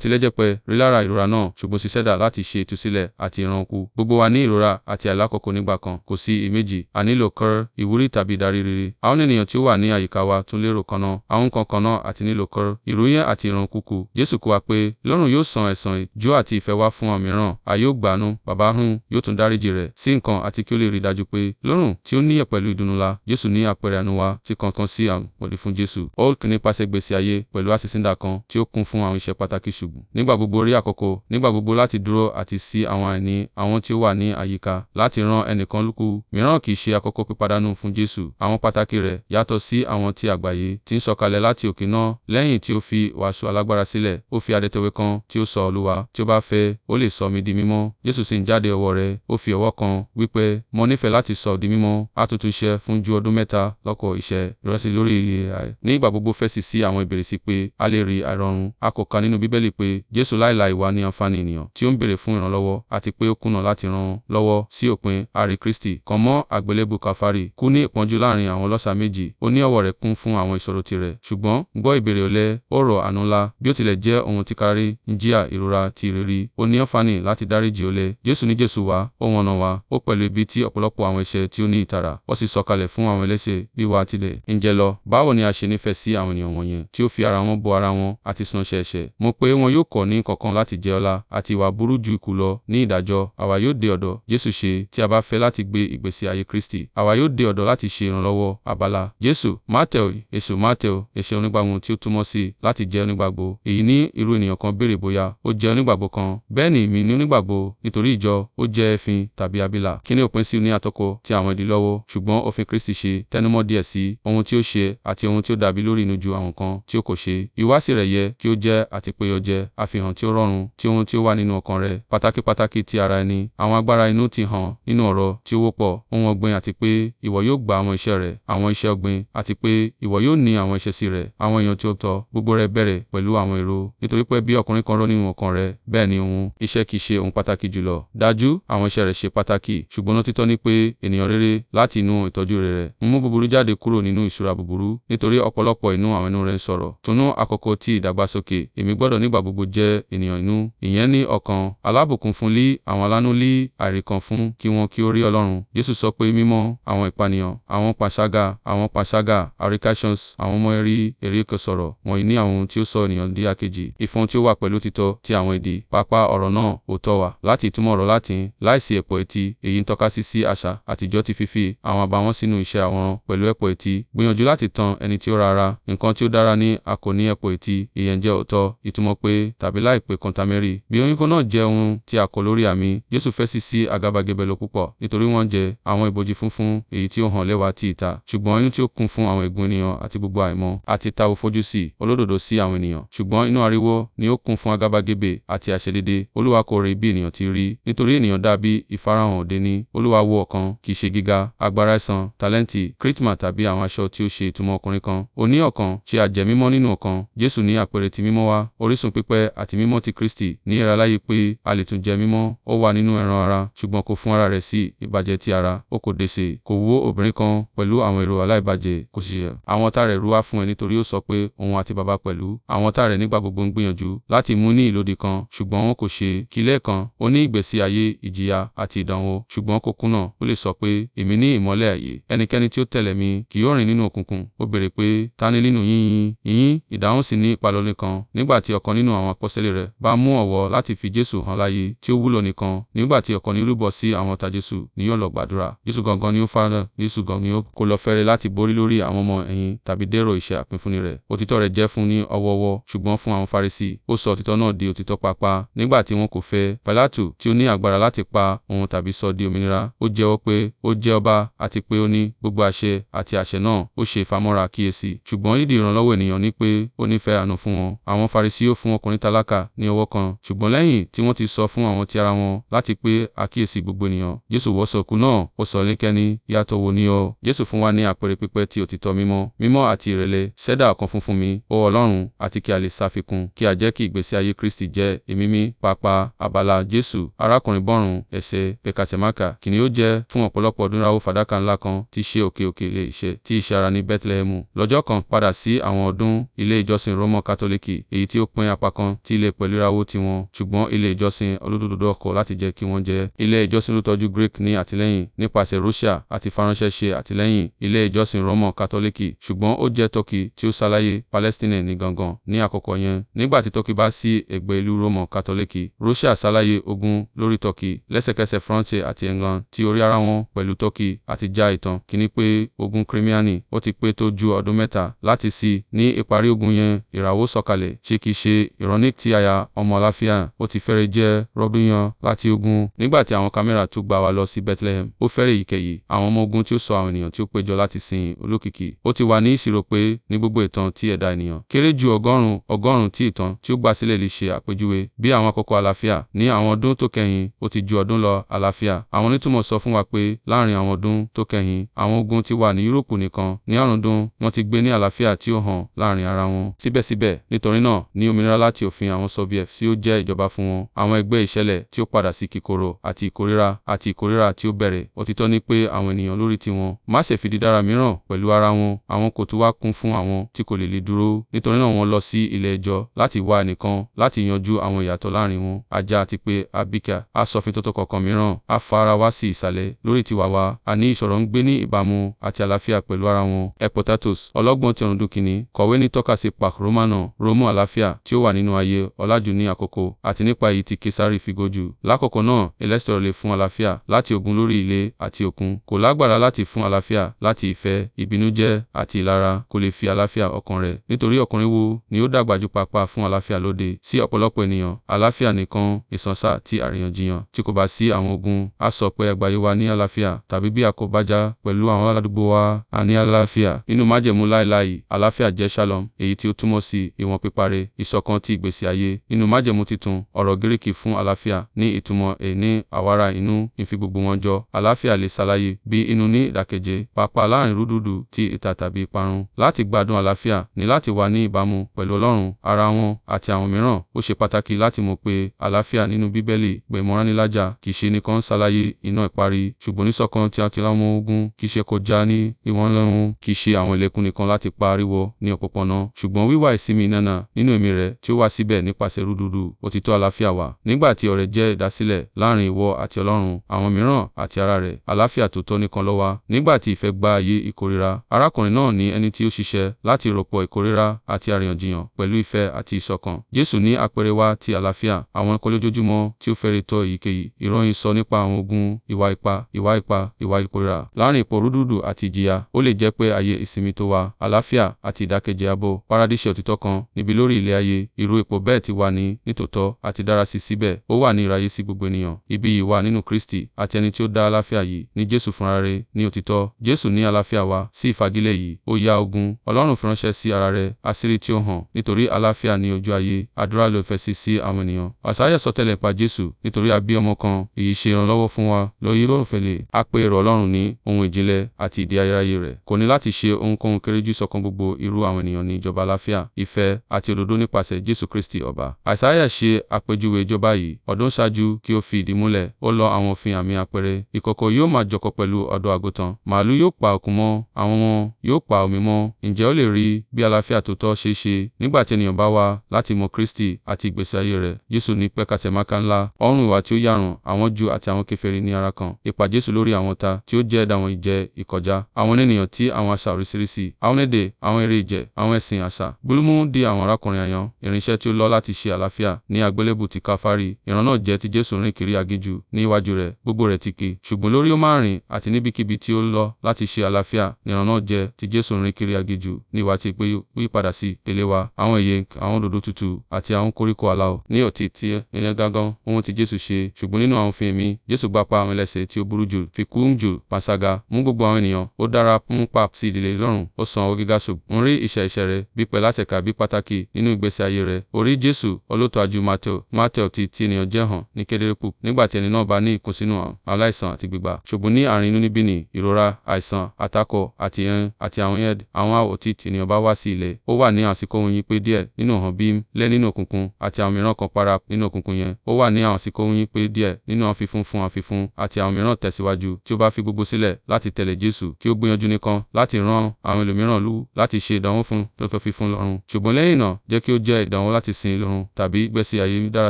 tilẹ̀ jẹ́ pé rilára ìrora náà ṣùgbọ́n ṣiṣẹ́ dà láti ṣe ìtúsílẹ̀ àti ìrànkù. Gbogbo wa ní ìrora àti àìlákòókò nígbà kan, kò sí iyèméjì, a nílò kọ́r, ìwúrí tàbí ìdarí rere. Àwọn ènìyàn tí ó wà ní àyíká wa tún lérò kan náà, àwọn nǹkan kan náà àti nílò kọ́r, ìròyìn àti ìrànkùkù. Jésù kọ́ wa pé, Ọlọ́run yóò san ẹ̀san ìjọ àti ìfẹ́ wa fún àwọn a yóò gbàánú, bàbá hun, yóò tún dáríjì rẹ̀ sí nǹkan àti kí ó lè rí dájú pé, Ọlọ́run tí ó níyẹ̀ pẹ̀lú ìdùnnú Jésù ní àpẹẹrẹ àánú wa ti kankan sí àwọn pẹ̀lú fún Jésù. Ó kì nípasẹ̀ gbèsè ayé pẹ̀lú àṣìṣíndà kan tí ó kún fún àwọn iṣẹ́ pàtàkì ṣùgbọ́n nígbà gbogbo rí àkókò, nígbà gbogbo láti dúró àti sí àwọn àìní, àwọn tí ó wà ní àyíká, láti ran ẹnìkan lókù. Mìíràn kì í ṣe àkókò pípàdánù fún Jesu. Àwọn pàtàkì rẹ̀ yàtọ̀ sí àwọn ti àgbáyé tí ń sọ̀kalẹ̀ láti òkè náà. Lẹ́yìn tí ó fi wàásù alágbára sílẹ̀, ó fi àtẹ̀tẹ̀wé kan tí ó sọ Olúwa, tí ó bá fẹ́, ó lè sọ mí di mímọ́. Jesu sì ń jáde ọwọ́ rẹ̀, ó fi ọwọ́ kan wí pé, mo nífẹ̀ẹ́ láti sọ di mímọ́. A tutù iṣẹ́ fún ju ọdún mẹ́ta lọ́kọ̀ iṣẹ́ ìrẹsì lórí ìhà. Ní gbogbo fèsì sí àwọn ìbéèrè sí pé, a lè rí àìrọ̀rùn. A kò kà nínú Bíbélì pé pé Jésù láìláì wà ní àǹfààní ènìyàn tí ó ń béèrè fún ìrànlọ́wọ́ àti pé ó kùnà láti ràn lọ́wọ́ sí òpin àrí Kristi. Kàn mọ́ àgbélébù Kàfárì, kú ní ìpọ́njú láàrin àwọn ọlọ́ṣà méjì, ó ní ọwọ́ rẹ̀ kún fún àwọn ìṣòro tirẹ̀, ṣùgbọ́n gbọ́ ìbéèrè ọ̀lẹ, ó rọ̀ àánú ńlá, bí ó tilẹ̀ jẹ́ ohun tìkárí, ń jìyà ìrora ti ìrírí, ó ní àǹfààní láti dáríjì ọ̀lẹ. Jésù ní Jésù wá, ó wọn ọ̀nà wa, ó pẹ̀lú ibi tí ọ̀pọ̀lọpọ̀ àwọn ẹ̀ṣẹ̀ tí ó ní ìtara, ó sì sọ̀kalẹ̀ fún àwọn ẹlẹ́ṣẹ̀ bí wa tilẹ̀. Ǹjẹ́ lọ, báwo ni a ṣe nífẹ̀ẹ́ sí àwọn ènìyàn wọ̀nyẹn tí ó fi ara wọn bo ara wọn àti sun ẹ̀ṣẹ̀ ẹ̀ṣẹ̀? pé wọn yóò kọ̀ ní kankan láti jẹ ọlá àti ìwà burú ju ikú lọ. Ní ìdájọ́, àwa yóò dé ọ̀dọ̀ Jésù ṣe tí a bá fẹ́ láti gbé ìgbésí ayé Kristi. Àwa yóò dé ọ̀dọ̀ láti ṣe ìrànlọ́wọ́ àbálá. Jésù, Mátẹ̀ò, èso Mátẹ̀ò, èso onígbàgbọ́ tí ó túmọ̀ sí láti jẹ́ onígbàgbọ́. Èyí ní irú ènìyàn kan béèrè bóyá ó jẹ́ onígbàgbọ́ kan. Bẹ́ẹ̀ ni èmi ní onígbàgbọ́ nítorí ìjọ ó jẹ́ ẹfin tàbí abìlà. Kí ni òpin sí ní àtọ́kọ ti àwọn ìdílọ́wọ́? Ṣùgbọ́n òfin Kristi ṣe tẹnumọ́ díẹ̀ sí ohun tí ó ṣe àti ohun tí ó dàbí lórí inú ju àwọn kan tí ó kò ṣe. Ìwásí rẹ̀ yẹ kí ó jẹ́ àti pé ó jẹ́ rẹ, àfihàn tí ó rọrùn, ti ohun tí ó wà nínú ọkàn rẹ, pàtàkì pàtàkì ti ara ẹni. Àwọn agbára inú ti hàn nínú ọ̀rọ̀ tí ó wọ́pọ̀, ohun ọ̀gbìn àti pé ìwọ yóò gba àwọn iṣẹ́ rẹ̀, àwọn iṣẹ́ ọ̀gbìn, àti pé ìwọ yóò ní àwọn ìṣesí rẹ̀, àwọn èèyàn tí ó tọ́, gbogbo rẹ̀ bẹ̀rẹ̀ pẹ̀lú àwọn èrò. Nítorí pé bí ọkùnrin kan rò nínú ọkàn rẹ̀, bẹ́ẹ̀ ni òun, iṣẹ́ kì í ṣe ohun pàtàkì jùlọ. Dájú, àwọn iṣẹ́ rẹ̀ ṣe pàtàkì, ṣùgbọ́n òtítọ́ ni pé ènìyàn rere láti inú ìtọ́jú rẹ̀ ń mú búburú jáde kúrò nínú ìṣúra búburú, nítorí ọ̀pọ̀lọpọ̀ inú àwọn ẹnu rẹ̀ ń sọ̀rọ̀. Tún àkókò ti ìdàgbàsókè, èmi gbọ́dọ̀ nígbà gbogbo gbogbo jẹ́ ènìyàn inú. Ìyẹn ní ọkàn alábùkún fún lí àwọn alánú lí àìríkan fún kí wọn kí ó rí Ọlọ́run. Jésù sọ pé mímọ́ àwọn ìpànìyàn, àwọn panṣágà, àwọn panṣágà, àríkàṣọ́ns, àwọn ọmọ ẹ̀rí, ẹ̀ríkọ sọ̀rọ̀, wọ̀nyí ni àwọn tí ó sọ ènìyàn di àkejì. Ìfọ́n tí ó wà pẹ̀lú títọ́ ti àwọn èdè, pàápàá ọ̀rọ̀ náà ò tọ́ wá láti ìtumọ̀ ọ̀rọ̀ Latin, láìsí ẹ̀pọ̀ etí, èyí ń tọ́ka sí sí àṣà àtijọ́ ti fífi àwọn àbàwọ́n sínú iṣẹ́ àwòrán pẹ̀lú ẹ̀pọ̀ etí. Gbìyànjú láti tan ẹni tí ó ra Nǹkan tí ó dára ni a kò ní ẹ̀pọ̀ etí, ìyẹn jẹ́ òótọ́, ìtumọ̀ pé tàbí láìpé kọ̀ǹtámẹ́rì. Bí oyúnko náà jẹ́ ohun tí a kọ lórí àmì, Jesu fèsì sí àgàbàgebè púpọ̀, nítorí wọ́n jẹ àwọn ibojì funfun èyí tí ó hàn lẹ́wà ti ìta, ṣùgbọ́n inú tí ó kún fún àwọn ègún ènìyàn àti gbogbo àìmọ́ àti ìtakò fojú sí olódodo sí àwọn ènìyàn. Ṣùgbọ́n inú ariwo ni ó kún fún àgàbàgebè àti àìṣedéédéé. Olúwa kò rí bí ènìyàn ti rí, nítorí ènìyàn dàbí ìfarahàn òde ní. Olúwa wo ọkàn, kì í ṣe gíga, agbára ẹ̀san, tálẹ́ǹtì, kírísímà tàbí àwọn aṣọ tí ó ṣe ìtumọ̀ ọkùnrin kan. Ó ní ọkàn, ṣe àjẹ́ nínú ọkàn. Jesu ní àpẹẹrẹ ti mímọ́ wá, orísun pípé pípẹ́ àti mímọ́ ti Kristi ní ẹ̀rọ aláyé pé a lè tún jẹ mímọ́, ó wà nínú ẹran ara, ṣùgbọ́n kò fún ara rẹ̀ sí ìbàjẹ́ ti ara, ó kò dẹ́ṣẹ̀, kò wò obìnrin kan pẹ̀lú àwọn èrò aláìbàjẹ́, kò sì ṣẹ̀. Àwọn ọ̀tá rẹ̀ rúwá fún ẹ nítorí ó sọ pé òun àti Baba pẹ̀lú. Àwọn ọ̀tá rẹ̀ nígbà gbogbo ń gbìyànjú láti mú ní ìlòdì kan, ṣùgbọ́n wọn kò ṣe. Kì lẹ́ẹ̀kan, ó ní ìgbésí ayé, ìjìyà àti ìdánwò, ṣùgbọ́n kò kùnà, ó lè sọ pé, èmi ní ìmọ́lẹ̀ ayé. Ẹnikẹ́ni tí ó tẹ̀lé mi kì yóò rìn nínú òkùnkùn. Ó béèrè pé, ta ni nínú yín yìn yín? Ìdáhùn sì ní ipa kan. Nígbà tí ọ̀kan nínú àwọn apọ́sítélì rẹ̀ bá mú ọ̀wọ̀ láti fi Jésù hàn láyé tí ó wúlò nìkan, nígbà tí ọ̀kan nírúbọ sí àwọn ọ̀tá Jésù ni yóò lọ gbàdúrà. Jésù gangan ni ó fara, Jésù gangan ni ó kó lọ fẹ́rẹ̀ láti borí lórí àwọn ọmọ ẹ̀yìn tàbí dèrò ìṣe àpínfúnni rẹ̀. Òtítọ́ rẹ̀ jẹ́ fún ní ọ̀wọ̀ọ̀wọ́, ṣùgbọ́n fún àwọn Farisi, ó sọ òtítọ́ náà di òtítọ́ pàápàá nígbà tí wọn kò fẹ́. Pílátù, tí ó ní agbára láti pa òun tàbí sọ di òmìnira, ó jẹ́wọ́ pé ó jẹ́ ọba àti pé ó ní gbogbo àṣẹ àti àṣẹ náà ó ṣe ìfàmọ́ra kíyèsi. Ṣùgbọ́n ìdí ìrànlọ́wọ́ ènìyàn ni pé ó nífẹ̀ẹ́ àánú fún wọn. Àwọn Farisi ó fún wọn ọkùnrin tálákà ní ọwọ́ kan. Ṣùgbọ́n lẹ́yìn tí wọ́n ti sọ fún àwọn ti ara wọn láti pe àkíyèsí gbogbo ènìyàn, Jesu wọṣọ òkú náà, ó sọ ẹnikẹ́ni, “Yàtọ̀ wo ni ọ́?” Jesu fún wa ní àpẹẹrẹ pípé ti òtítọ́ mímọ́, mímọ́ àti ìrẹ̀lẹ̀, ṣẹ̀dá ọkàn fún fún mi, ó Ọlọ́run, àti kí a lè ṣàfikún, kí a jẹ́ kí ìgbésí ayé Kristi jẹ́ èmímí, pàápàá, abala Jesu, arákùnrin bọ́rùn, ẹ̀ṣẹ̀, pẹkatẹ̀máka, kí ni ó jẹ́ fún ọ̀pọ̀lọpọ̀ ọdún ráwó fàdákà ńlá kan tí ṣe òkè òkè ilé iṣẹ́ tí iṣẹ́ ara ní Bẹ́tílẹ́hẹ́mù. Lọ́jọ́ kan padà sí àwọn ọdún ilé ìjọsìn Rómọ Kátólíìkì, èyí tí ó pín apá kan tí ilẹ̀ pẹ̀lú ìràwọ̀ tiwọn, ṣùgbọ́n ilé ìjọsìn olódodo ọkọ̀ láti jẹ́ kí wọ́n jẹ́. Ilé ìjọsìn olùtọ́jú Greek ní àtìlẹ́yìn nípasẹ̀ Russia àti Faransé ṣe àtìlẹ́yìn ilé ìjọsìn Roman Kátólíkì, ṣùgbọ́n ó jẹ́ Turkey tí ó ṣàlàyé Palestine ní gangan ní àkókò yẹn. Nígbà tí Turkey bá sí ẹgbẹ́ ìlú Roman Kátólíkì, Russia ṣàlàyé ogun lórí Turkey lẹ́sẹ̀kẹsẹ̀ France àti England tí orí ara wọn pẹ̀lú Turkey àti já ìtàn kìíní pé ogun krimiani, ó ti pé tó ju ọdún mẹ́ta láti sí ní ìparí ogun yẹn ìràwọ̀ sọ̀kalẹ̀ ṣe kìí ṣe Ironic ti aya ọmọ àlàáfíà, ó ti fẹ́rẹ̀ jẹ́ rọ́búyàn láti ogun. Nígbà tí àwọn kámẹ́rà tún gbà wá lọ sí Bethlehem, ó fẹ́rẹ̀ èyíkéyìí. Àwọn ọmọ ogun tí ó sọ àwọn ènìyàn tí ó péjọ láti sin olókìkí. Ó ti wà ní ìṣirò pé ní gbogbo ìtàn ti ẹ̀dá ènìyàn, kéré ju ọgọ́rùn-ún ọgọ́rùn-ún tí ìtàn tí ó gbà sílẹ̀ lè ṣe àpèjúwe. Bí àwọn àkókò àlàáfíà, ní àwọn ọdún tó kẹ́yìn, ó ti ju ọdún lọ àlàáfíà. Àwọn onítùmọ̀ sọ fún wa pé láàárín àwọn ọdún tó kẹ́yìn, àwọn ogun ti wà ní Yúróòpù nìkan. Ní àárúndún, wọ́n ti gbé ní àlàáfíà tí ó hàn láàárín ara wọn. Síbẹ̀síbẹ̀, nítorí náà, ní òmìnira láti láti òfin àwọn Soviet tí ó jẹ́ ìjọba fún wọn. Àwọn ẹgbẹ́ ìṣẹ̀lẹ̀ tí ó padà sí kíkorò àti ìkórìíra àti ìkórìíra tí ó bẹ̀rẹ̀. Òtítọ́ ni pé àwọn ènìyàn lórí tiwọn má ṣe fi dídára mìíràn pẹ̀lú ara wọn. Àwọn kòtò wá kún fún àwọn tí kò lè lè dúró. Nítorí náà wọ́n lọ sí ilé ẹjọ́ láti wá ẹnìkan láti yanjú àwọn ìyàtọ̀ láàrin wọn. Ajá àti pé Abika a sọfin tuntun kọ̀ọ̀kan mìíràn. A fa ara wa sí ìsàlẹ̀ lórí tiwa wa. A ní ìṣòro ń gbé ní ìbámu àti àlàáfíà pẹ̀lú ara wọn. Epotatus, ọlọ́gbọ́n ti ọ̀rùndún kìíní, kọ̀wé ní tọ́ka sí Pac Romano, Rómù àlàáfíà tí ó wà nínú nínú ayé, ọ̀làjú ní àkókò, àti nípa èyí tí Kesari fi gojú. Lákòókò náà, Elesteri lè fún àlàáfíà láti ogun lórí ilẹ̀ àti òkun. Kò lágbára láti fún àlàáfíà láti ìfẹ́, ìbìnújẹ́, àti ìlara. Kò lè fi àlàáfíà ọkàn rẹ̀. Nítorí ọkùnrin wo ni ó dàgbà ju pàápàá fún àlàáfíà lóde sí ọ̀pọ̀lọpọ̀ ènìyàn? Àlàáfíà nìkan, ìsánsá ti àríyànjiyàn. Tí kò bá sí àwọn ogun, a sọ pé àgbáyé wa ní àlàáfíà. Tàbí bí a kò bá jà pẹ̀lú àwọn aládùúgbò wa, a ní àlàáfíà. Nínú májẹ̀mú láéláé, àlàáfíà jẹ́ Shalom, èyí tí ó túmọ̀ sí ìwọ̀n píparẹ́, ìṣọ̀kan ti àti ìgbésí ayé. Nínú májẹ̀mú titun, ọ̀rọ̀ Gíríkì fún àlàáfíà ní ìtumọ̀ è ní àwára inú, ìfi gbogbo wọn jọ. Àlàáfíà lè ṣàlàyé bí inú ní ìdàkejẹ́, pàápàá láàárín rúdurùdu ti ìtà tàbí ìparun. Láti gbádùn àlàáfíà ni láti wà ní ìbámu pẹ̀lú Ọlọ́run, ara wọn, àti àwọn mìíràn. Ó ṣe pàtàkì láti mọ̀ pé àlàáfíà nínú Bíbélì pé ìmọ̀ránnilájà kì í ṣe nìkan ṣàlàyé iná ìparí, ṣùgbọ́n oníṣọ̀kan tí a ti láwọn ogun kì í ṣe kọjá ní ìwọ̀n Ọlọ́run, kì í ṣe àwọn ìlẹ̀kùn nìkan láti pa ariwo ní òpópónà, ṣùgbọ́n wíwá ìsinmi nánà nínú ẹ̀mí rẹ̀ tí ó wá síbẹ̀ nípasẹ̀ rúdurùdu òtítọ́ àlàáfíà wa, Nígbà tí ọrẹ jẹ́ ìdásílẹ̀ láàrin ìwọ àti Ọlọ́run, àwọn mìíràn àti ara rẹ̀, àlàáfíà tòótọ́ nìkan ló wà. Nígbà tí ìfẹ́ gba ààyè ìkórìíra, arákùnrin náà ni ẹni tí ó ṣiṣẹ́ láti rọ́pò ìkórìíra àti àríyànjiyàn pẹ̀lú ìfẹ́ àti ìṣọ̀kan. Jésù ní àpẹẹrẹ wa ti àlàáfíà, àwọn ẹ̀kọ́ lójoojúmọ́ tí ó fẹ́rẹ̀ tọ èyíkéyìí. Ìròyìn sọ nípa àwọn ogun, ìwà ipá, ìwà ipá, ìwà ìkórìíra. Láàrin ipò rúdurùdu àti ìjìyà, ó lè jẹ́ pé ààyè ìsinmi tó wà, àlàáfíà àti ìdákẹ́jẹ́ abo, párádísè òtítọ́ kan níbi lórí ilẹ̀ ayé irú ipò bẹ́ẹ̀ ti wà ní nítòótọ́ àti dára sí síbẹ̀, ó wà ní ìráyé sí gbogbo ènìyàn. Ibi yìí wà nínú Kristi, àti ẹni tí ó dá àlàáfíà yìí ní Jésù fúnra rẹ̀ ní òtítọ́. Jésù ní àlàáfíà wa sí ìfagilé yìí, ó yá ogun. Ọlọ́run fìránṣẹ́ sí ara rẹ̀, àṣírí tí ó hàn, nítorí àlàáfíà ní ojú ayé, àdúrà ló fẹ́ sí sí àwọn ènìyàn. Àsáyà sọtẹ́lẹ̀ pa Jésù, nítorí a bí ọmọ kan, èyí ṣe ìrànlọ́wọ́ fún wa, lórí olóòfẹ́lẹ̀. A pe èrò Ọlọ́run ní ohun ìjìnlẹ̀ àti ìdí ayérayé rẹ̀. Kò ní láti ṣe ohunkóhun kéré jù sọ́kàn gbogbo irú àwọn ènìyàn ní ìjọba àlàáfíà, ìfẹ́, àti òdodo nípasẹ̀ Jésù Jésù Kristi ọba. Àìsáyà ṣe àpèjúwe ìjọba yìí, ọdún ṣáájú kí ó fi ìdí múlẹ̀, ó lọ àwọn òfin àmì àpẹẹrẹ. Ìkòkò yóò máa jókòó pẹ̀lú ọ̀dọ́ àgùntàn, màlúù yóò pa òkú mọ́, àwọn ọmọ yóò pa omi mọ́. Ǹjẹ́ ó lè rí bí àlàáfíà tòótọ́ ṣe é ṣe nígbà tí ènìyàn bá wá láti mọ Kristi àti ìgbésí ayé rẹ̀? Jésù ní pẹ̀kátẹ̀máká ńlá, ọ̀run ìwà tí ó yàrán, àwọn Júù àti àwọn kèfèrí ní ara kan. Ipa Jésù lórí àwọn ọ̀tá tí ó jẹ́ ẹ̀dá wọ̀nyí jẹ́ ìkọjá. Àwọn ènìyàn tí àwọn àṣà oríṣiríṣi, àwọn èdè, àwọn eré ìje, àwọn ẹ̀sìn àṣà, gbólómú di àwọn arákùnrin àyàn, irinṣẹ́ iṣẹ́ tí ó lọ láti ṣe àlàáfíà ní àgbélébù ti Káfárì. Ìran náà jẹ́ ti Jésù rìn kiri aginjù ní iwájú rẹ̀, gbogbo rẹ̀ ti kì, ṣùgbọ́n lórí ó máa rìn àti níbikíbi tí ó lọ láti ṣe àlàáfíà. Ìran náà jẹ́ ti Jésù rìn kiri aginjù ní ìwà tí pé yípadà sí tẹ̀lé wa, àwọn ìyè, àwọn òdòdó tútù àti àwọn koríko aláwọ̀. Ní ọ̀tí tí ẹ̀yẹn gangan, ohun tí Jésù ṣe, ṣùgbọ́n nínú àwọn òfin mi, Jésù gbà pa àwọn ẹlẹ́ṣẹ̀ tí ó burú jù, fi kú ń jù, panṣágà, mú gbogbo àwọn ènìyàn, ó dára mú pa sí ìdílé lọ́rùn, ó san owó gíga ṣùgbọ́n rí ìṣẹ́ rẹ̀, bí pẹ̀ látẹ̀ka bí pàtàkì nínú ìgbésí ayé rẹ̀ rẹ̀. Orí Jésù, olóòtú ajú Mateo, Mateo ti ti ènìyàn jẹ́ hàn ní kedere púpọ̀ nígbà tí ẹni náà bá ní ìkùnsínú aláìsàn àti gbígbà. Ṣùgbọ́n ní àárín inúnibíni, ìrora, àìsàn, àtakò, àti ẹ̀rín, àti àwọn ẹ̀d, àwọn àwọ̀ tí ènìyàn bá wá sí ilẹ̀, ó wà ní àsìkò oyin pé díẹ̀ nínú hàn bí lẹ́ nínú òkùnkùn àti àwọn mìíràn kan para nínú òkùnkùn yẹn. Ó wà ní àsìkò oyin pé díẹ̀ nínú àwọn fífún fún àwọn àti àwọn mìíràn tẹ̀síwájú tí ó bá fi gbogbo sílẹ̀ láti tẹ̀lé Jésù kí ó gbìyànjú nìkan láti ran àwọn ẹlòmíràn lú láti ṣe ìdánwò fún tó fẹ́ fífún lọ́rùn. Ṣùgbọ́n lẹ́yìn náà, jẹ́ kí ó jẹ́ ìdánwò àwọn láti sin Ọlọ́run tàbí gbésí ayé dára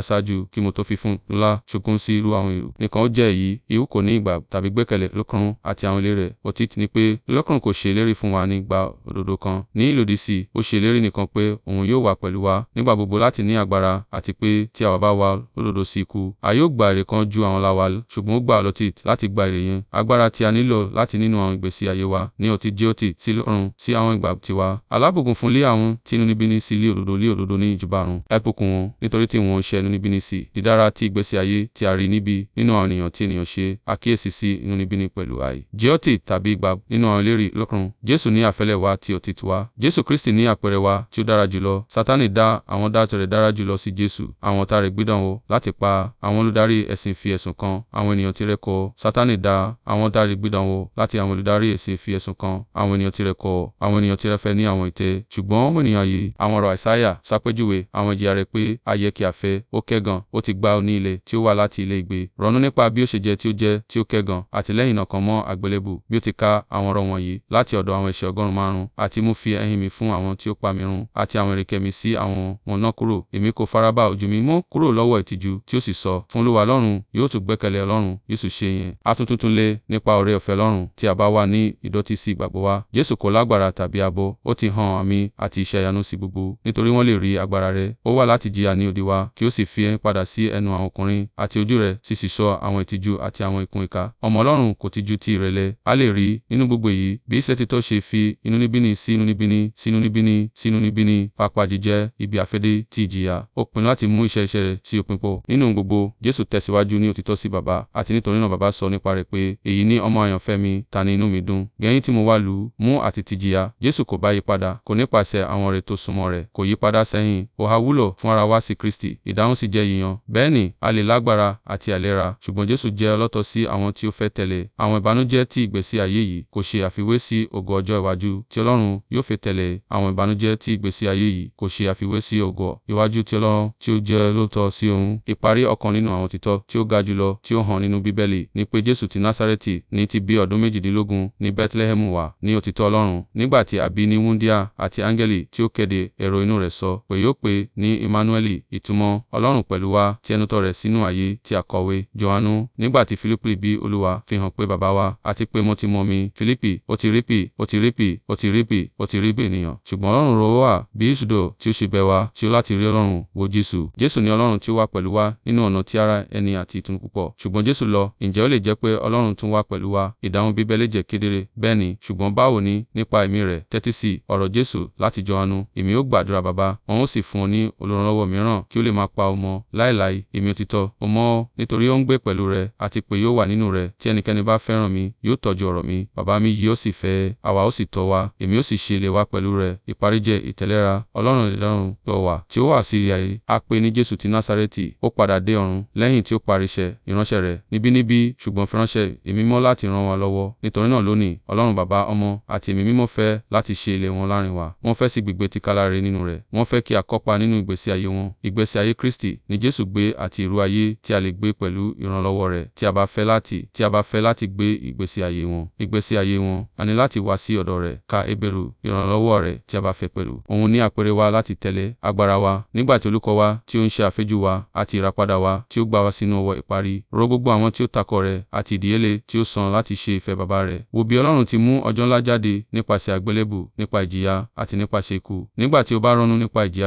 ṣáájú kí mo tó fi fún ńlá ṣokùn sí irú àwọn èrò. Nìkan ó jẹ́ èyí, ihò kò ní ìgbà tàbí gbẹ́kẹ̀lé lọ́kàn àti àwọn ilé rẹ̀. Òtítì ni pé lọ́kàn kò ṣe ìlérí fún wa ní ìgbà òdodo kan. Ní ìlòdì sí, ó ṣe ìlérí nìkan pé òun yóò wà pẹ̀lú wa nígbà gbogbo láti ní agbára àti pé tí àwa bá wà lódodo sí ikú, a yóò gba èrè kan ju àwọn la wa ṣùgbọ́n ó gbà lọ́tìtì láti gba èrè yẹn. Agbára tí a nílò láti nínú àwọn ìgbésí ayé wa ní ọtí jẹ́ ọtí sí lọ́rùn sí àwọn ìgbà tiwa. Alábùkún fún lé àwọn tí inúnibíni sí ilé òdodo ilé òdodo ní ìjọ àjùbàrùn, ẹ bùkún wọn, nítorí tí wọn ṣe inúnibíni sí dídára ti ìgbésí ayé tí a rí níbí nínú àwọn ènìyàn tí ènìyàn ṣe àkíyèsí sí inúnibíni pẹ̀lú àì. Jíọ́tì tàbí ìgbà nínú àwọn ìlérí lọ́kàn. Jésù ní àfẹ́lẹ̀ wa ti òtítù wa. Jésù Kristi ní àpẹẹrẹ wa tí ó dára jùlọ. Sátánì dá àwọn ọ̀tá rẹ̀ dára jùlọ sí Jésù. Àwọn ọ̀tá rẹ̀ gbìdánwò láti pa á. Àwọn olùdarí ẹ̀sìn fi ẹ̀sùn kan àwọn ènìyàn tirẹ̀ kọ̀. Sátánì dá àwọn ọ̀tá rẹ̀ gbìdánwò láti àwọn olùdarí ẹ̀sìn fi ẹ̀sùn kan àwọn ènìyàn tirẹ̀ kọ̀. Àwọn ènìyàn tirẹ̀ fẹ́ ní àwọn ète. Ṣùgbọ́n àwọn ènìyàn yìí, àwọn ọ̀rọ̀ ìwé àwọn ìjìyà rẹ̀ pé a yẹ kí a fẹ́, ó kẹ́gàn, ó ti gba òní ilẹ̀ tí ó wá láti ilé igbe. Ronú nípa bí ó ṣe jẹ́ tí ó jẹ́ tí ó kẹ́gàn, àti lẹ́yìn náà kan mọ́ àgbélébù, bí ó ti ka àwọn ọ̀rọ̀ wọ̀nyí láti ọ̀dọ̀ àwọn ẹ̀ṣẹ̀ ọgọ́rùn márùn àti mú fi ẹ̀yìn mi fún àwọn tí ó pa mí run, àti àwọn ìrẹ̀kẹ́ mi sí àwọn wọn náà kúrò. Èmi kò faraba ojú mi mọ́ kúrò lọ́wọ́ ìtìjú tí ó sì sọ, fún Olúwa Ọlọ́run yóò tún gbẹ́kẹ̀lé Ọlọ́run, yóò sì ṣe ìyẹn. A tún tuntun lé nípa oore-ọ̀fẹ́ Ọlọ́run tí a bá wà ní ìdọ̀tí sí ìgbàgbọ́ wa. Jesu kò lágbára tàbí abo, ó ti hàn àmì àti iṣẹ́ ìyanu sí gbogbo, nítorí wọ́n lè rí agbára agbára rẹ̀. Ó wá láti jìyà ní odi wa, kí ó sì fi ẹ́ padà sí ẹnu àwọn ọkùnrin àti ojú rẹ̀ sì sísọ àwọn ìtìjú àti àwọn ìkùn ìkà. Ọmọ Ọlọ́run kò tijú ti ìrẹ̀lẹ̀. A lè rí nínú gbogbo èyí bí Israẹli títọ́ ṣe fi inúnibíni sí inúnibíni sí inúnibíni sí inúnibíni pàápàá jíjẹ́ ibi àfẹ́dé ti ìjìyà. Ó pinnu láti mú iṣẹ́ iṣẹ́ rẹ̀ sí òpin pọ̀. Nínú gbogbo, Jésù tẹ̀síwájú ní òtítọ́ sí Bàbá àti nítorí náà Bàbá sọ nípa rẹ̀ pé, èyí ni ọmọ àyànfẹ́ mi, ta ni inú mi dùn. Gẹ̀yìn tí mo wá lù ú, mú àti ti jìyà. Jésù kò bá yípadà, kò nípasẹ̀ àwọn ọ̀rẹ́ tó súnmọ́ rẹ̀, kò yípadà sẹ́yìn ni, ó wúlò fún ara wa sí Kristi, ìdáhùn sì jẹ́ yíyan. Bẹ́ẹ̀ ni, a lè lágbára àti àìlera, ṣùgbọ́n Jesu jẹ́ ọlọ́tọ̀ sí àwọn tí ó fẹ́ tẹ̀lé. Àwọn ìbànújẹ́ ti ìgbésí ayé yìí kò ṣe àfiwé sí ògo ọjọ́ iwájú tí Ọlọ́run yóò fi tẹ̀lé. Àwọn ìbànújẹ́ ti ìgbésí ayé yìí kò ṣe àfiwé sí ògo iwájú tí Ọlọ́run tí ó jẹ́ olóòótọ́ sí òun. Ìparí ọ̀kan nínú àwọn òtítọ́ tí ó ga jùlọ tí ó hàn nínú Bíbélì ni pé Jesu ti Násárẹ́tì ní ti bí ọdún méjìdínlógún ní Bethlehem wà ní òtítọ́ Ọlọ́run. Nígbà tí a ní wúńdíá àti áńgẹ́lì tí ó kéde èrò inú rẹ̀ sọ pé yóò pè ní Emmanuel, ìtumọ̀ Ọlọ́run pẹ̀lú wa ti ẹnutọ́ rẹ̀ sínú ayé tí akọ̀wé Johanu nígbà tí Filipi bí Olúwa fihàn pé baba wa àti pé mo ti mọ̀ mi. Filipi, ó ti rí pì, ó ti rí pì, ó ti rí pì, ó ti rí pì ènìyàn. Ṣùgbọ́n Ọlọ́run rọ̀ wá bí ìṣùdò tí ó ṣe bẹ̀ wá tí láti rí Ọlọ́run wo Jésù. Jésù ni Ọlọ́run tí ó wà pẹ̀lú wa nínú ọ̀nà ti ara ẹni àti ìtùnú púpọ̀. Ṣùgbọ́n Jésù lọ, ǹjẹ́ ó lè jẹ́ pé Ọlọ́run tún wà pẹ̀lú wa? Ìdáhùn Bíbélì jẹ́ kedere. Bẹ́ẹ̀ni, ṣùgbọ́n báwo ni nípa ẹ̀mí rẹ̀? Tẹ́tí sí ọ̀rọ̀ Jésù láti Johanu. Èmi ó gbàdúrà Baba, wọn ó sì fún ọ ní olùrànlọ́wọ́ mìíràn kí ó lè máa pa ọ mọ́ láéláé. Èmi òtítọ́, o mọ̀ ọ́, nítorí ó ń gbé pẹ̀lú rẹ àti pé yóò wà nínú rẹ. Tí ẹnikẹ́ni bá fẹ́ràn mi, yóò tọ́jú ọ̀rọ̀ mi. Baba mi yóò sì fẹ́ àwa ó sì tọ́ wa, èmi ó sì ṣe ilé wa pẹ̀lú rẹ. Ìparí jẹ́ ìtẹ̀léra. Ọlọ́run ìlọ́run lọ wà tí ó wà sí ayé. A pè ní Jésù ti Násárẹ́tì. Ó padà dé ọ̀run lẹ́yìn tí ó parí iṣẹ́ ìránṣẹ́ rẹ̀ níbínibí ṣùgbọ́n fìránṣẹ́ Ẹ̀mí Mímọ́ láti ràn wá lọ́wọ́. Nítorí náà lónìí, Ọlọ́run Bàbá, Ọmọ àti Ẹ̀mí Mímọ́ fẹ́ láti ṣe ilé wọn láàárín wa. Wọ́n fẹ́ sí gbígbé tìkálára nínú rẹ̀. Wọ́n fẹ́ kí a kópa nínú ìgbésí ayé wọn. Ìgbésí ayé Kristi ni Jésù gbé àti irú ayé tí a lè gbé pẹ̀lú ìrànlọ́wọ́ rẹ̀ tí a bá fẹ́ láti tí a bá fẹ́ láti gbé ìgbésí ayé wọn. Ìgbésí ayé wọn, a ní láti wá sí ọ̀dọ̀ rẹ̀ ka Hébérù ìrànlọ́wọ́ rẹ̀ tí a bá fẹ́ pẹ̀lú. Òun ni àpẹẹrẹ wa láti tẹ̀lé agbára wa nígbà tí olùkọ́ wa tí ó ń ṣe àfẹ́jù wa àti ìràpadà wa tí ó gbà wá sínú ọwọ́ ìparí. Rọ̀ gbogbo àwọn tí ó takò rẹ̀ àti ìdíyelé tí ó san láti ṣe ìfẹ́ bàbá rẹ̀. Wò bí Ọlọ́run ti mú ọjọ́ ńlá jáde nípasẹ̀ àgbélébù, nípa ìjìyà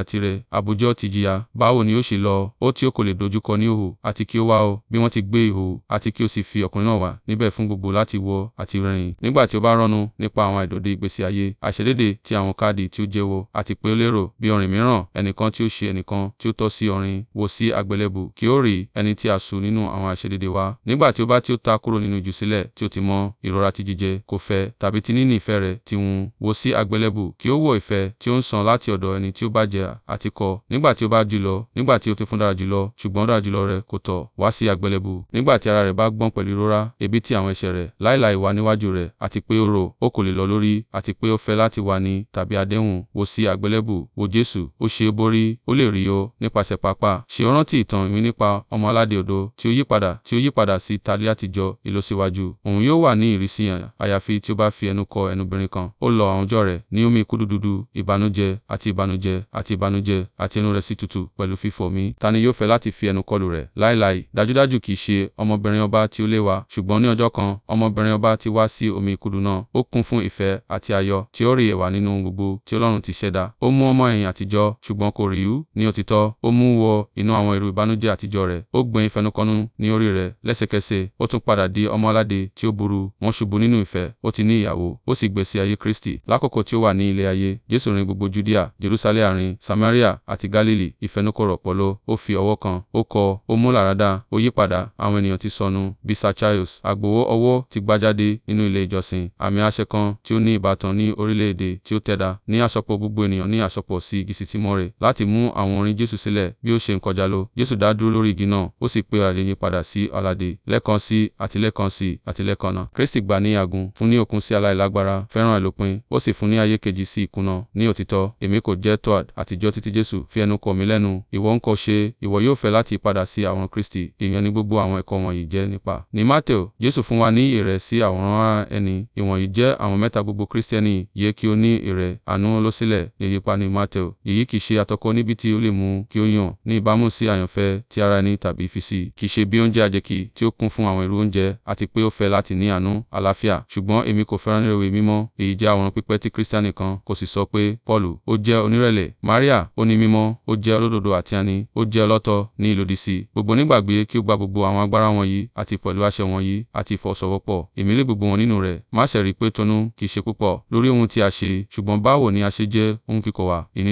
àti tirẹ̀, àbùjọ ti jìyà, báwo ni ó ṣe lọ, ó tí ó kò lè dojúkọ ní ìhò, àti kí ó wá ọ, bí wọ́n ti gbé ìhò, àti kí ó sì fi ọkùnrin náà wà, níbẹ̀ fún gbogbo láti wò àti rẹ́rìn. Nígbà tí ó bá ronú nípa àwọn àìdòde ìgbésí ayé, àìṣedéédéé ti àwọn káàdì tí ó jẹ́wọ́, àti pé ó lérò, bí orin mìíràn, ẹnìkan tí ó ṣe ẹnìkan tí ó tọ́ sí orin, wò sí àgbélébùú, kí ó rí, ẹni tí a ṣù nínú àwọn àìṣedéédéé wa. Nígbà tí ó bá tí ó ta kúrò nínú ìjùsílẹ̀ tí ó ti mọ̀, ìrora ti jíjẹ, kò fẹ́, tàbí ti níní ìfẹ́ rẹ̀, ti hun, wò sí àgbélébùú, kí ó wo ìfẹ́ tí ó ń sàn láti ọ̀dọ̀ ẹni tí ó bàjẹ́ àti kọ́, nígbà tí ó bá jù lọ, nígbà tí ó ké fún dára jùlọ, ṣùgbọ́n dára jùlọ rẹ̀ kò tọ̀ wá sí àgbélébù, nígbà tí ara rẹ̀ bá gbọ̀n pẹ̀lú ìrora, ebi ti àwọn ẹ̀ṣẹ̀ rẹ̀ láéláé wà níwájú rẹ̀, àti pé ó rò, ó kò lè lọ lórí, àti pé ó fẹ́ láti wà ní tàbí àdéhùn, wò sí àgbélébù, wo Jesu, ó ṣe é borí, ó lè rí ọ, nípasẹ̀ pápá, ṣe ó rántí ìtàn mi nípa ọmọ aládé odò, tí ó yípadà, tí ó yípadà sí tàlí àtijọ́ ìlọsíwájú, òun yóò wà ní ìrísí hàn, àyàfi tí ó bá fi ẹnu kọ ẹnubìnrin kan, ó lọ àwọn ọjọ́ rẹ̀ ní omi ìkúdùdùdu, ìbànújẹ́, àti ìbànújẹ́, àti ìbànújẹ́ ìbànújẹ́ àti ẹnu rẹ̀ sí tútù pẹ̀lú fífọ̀ mi. Ta ni yóò fẹ́ láti fi ẹnu kọlù rẹ̀? Láíláí, dájúdájú kì í ṣe ọmọbìnrin ọba tí ó lé wa, ṣùgbọ́n ní ọjọ́ kan, ọmọbìnrin ọba ti wá sí omi ìkúdù náà. Ó kún fún ìfẹ́ àti ayọ̀ tí ó rí ẹ̀wà nínú gbogbo tí Ọlọ́run ti ṣẹ̀dá. Ó mú ọmọ ẹ̀yìn àtijọ́, ṣùgbọ́n kò rí u ní òtítọ́. Ó mú wọ inú àwọn èrò ìbànújẹ́ àtijọ́ rẹ̀. Ó gbin ìfẹnukonu ní orí rẹ̀ lẹ́sẹ̀kẹsẹ̀. Ó tún padà di ọmọládé tí ó burú. Wọ́n ṣubú nínú ìfẹ́. Ó ti ní ìyàwó. Ó sì gbèsè ayé Kristi. Lákòókò tí ó wà ní ilé ayé, Jésù rin gbogbo Judea, Jerusalem àárín, Samaria Samaria àti Galili. Ìfẹnukọ̀rọ̀ pọ̀lọ́, ó fi ọwọ́ kan, ó kọ, ó mú làrádá, ó yípadà, àwọn ènìyàn ti sọnù. Bí Zacharias, agbowó ọwọ́ ti gbájáde nínú ilé ìjọsìn, àmì àṣẹ kan tí ó ní ìbátan ní orílẹ̀-èdè tí ó tẹ̀dá, ní àsopọ̀ gbogbo ènìyàn ní àsopọ̀ sí igi ṣìtìmọ́ rẹ̀ láti mú àwọn orin Jesu sílẹ̀. Bí ó ṣe ń kọjá lọ, Jesu dá dúró lórí igi náà, ó sì pe àlejò padà sí aládé, lẹ́ẹ̀kan sí àti lẹ́ẹ̀kan sí àti lẹ́ẹ̀kan náà. Kristi gbà ní àgùn, fún ní okun sí aláìlágbára, fẹ́ràn àìlópin, ó sì fún ní ayé kejì sí ìkùnà, ní òtítọ́, èmi kò jẹ́ Toad àtijọ́ àti ti Jésù fi ẹnu kò mí lẹ́nu, ìwọ ń kọ́ ṣe, ìwọ yóò fẹ́ láti padà sí àwòrán Kristi, èèyàn ni gbogbo àwọn ẹ̀kọ́ wọ̀nyí jẹ́ nípa. Ní Mateo, Jésù fún wa ní ìrẹ̀ sí àwòrán ara ẹni, ìwọ̀nyí jẹ́ àwọn mẹ́ta gbogbo Kristiẹni, yẹ kí ó ní ìrẹ̀, àánú ló sílẹ̀, ìyípa ní Mateo. Èyí kì í ṣe atọ́kọ̀ níbi tí ó lè mú kí ó yàn, ní ìbámu sí àyànfẹ́ ti ara ẹni tàbí ìfisí, kì í ṣe bí oúnjẹ àjèkì tí ó kún fún àwọn irú oúnjẹ, àti pé ó fẹ́ láti ní àánú, àlàáfíà, ṣùgbọ́n èmi kò fẹ́ràn ìrẹ̀wé mímọ́, èyí jẹ́ àwòrán pípẹ́ ti Kristiani kan, kò sì sọ pé, Paulu, ó jẹ́ onírẹ̀lẹ̀, Maria, ó ní mímọ́, ó jẹ́ olódodo àti àní, ó jẹ́ ọlọ́tọ̀ ní ìlòdì sí gbogbo onígbàgbé kí ó gba gbogbo àwọn agbára wọ̀nyí àti pẹ̀lú àṣẹ wọ̀nyí àti ìfọwọ́sowọ́pọ̀, ìmílẹ̀ gbogbo wọn nínú rẹ̀, má ṣe rí pé tónú kì í ṣe púpọ̀ lórí ohun tí a ṣe, ṣùgbọ́n báwo ni a ṣe jẹ́ ohun kíkọ́ wa, ìní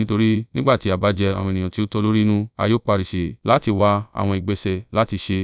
nígbà tí a bá jẹ́ àwọn ènìyàn tí ó tọ́ lórí inú, a yóò pàrìṣì láti wá àwọn ìgbésẹ̀ láti ṣe.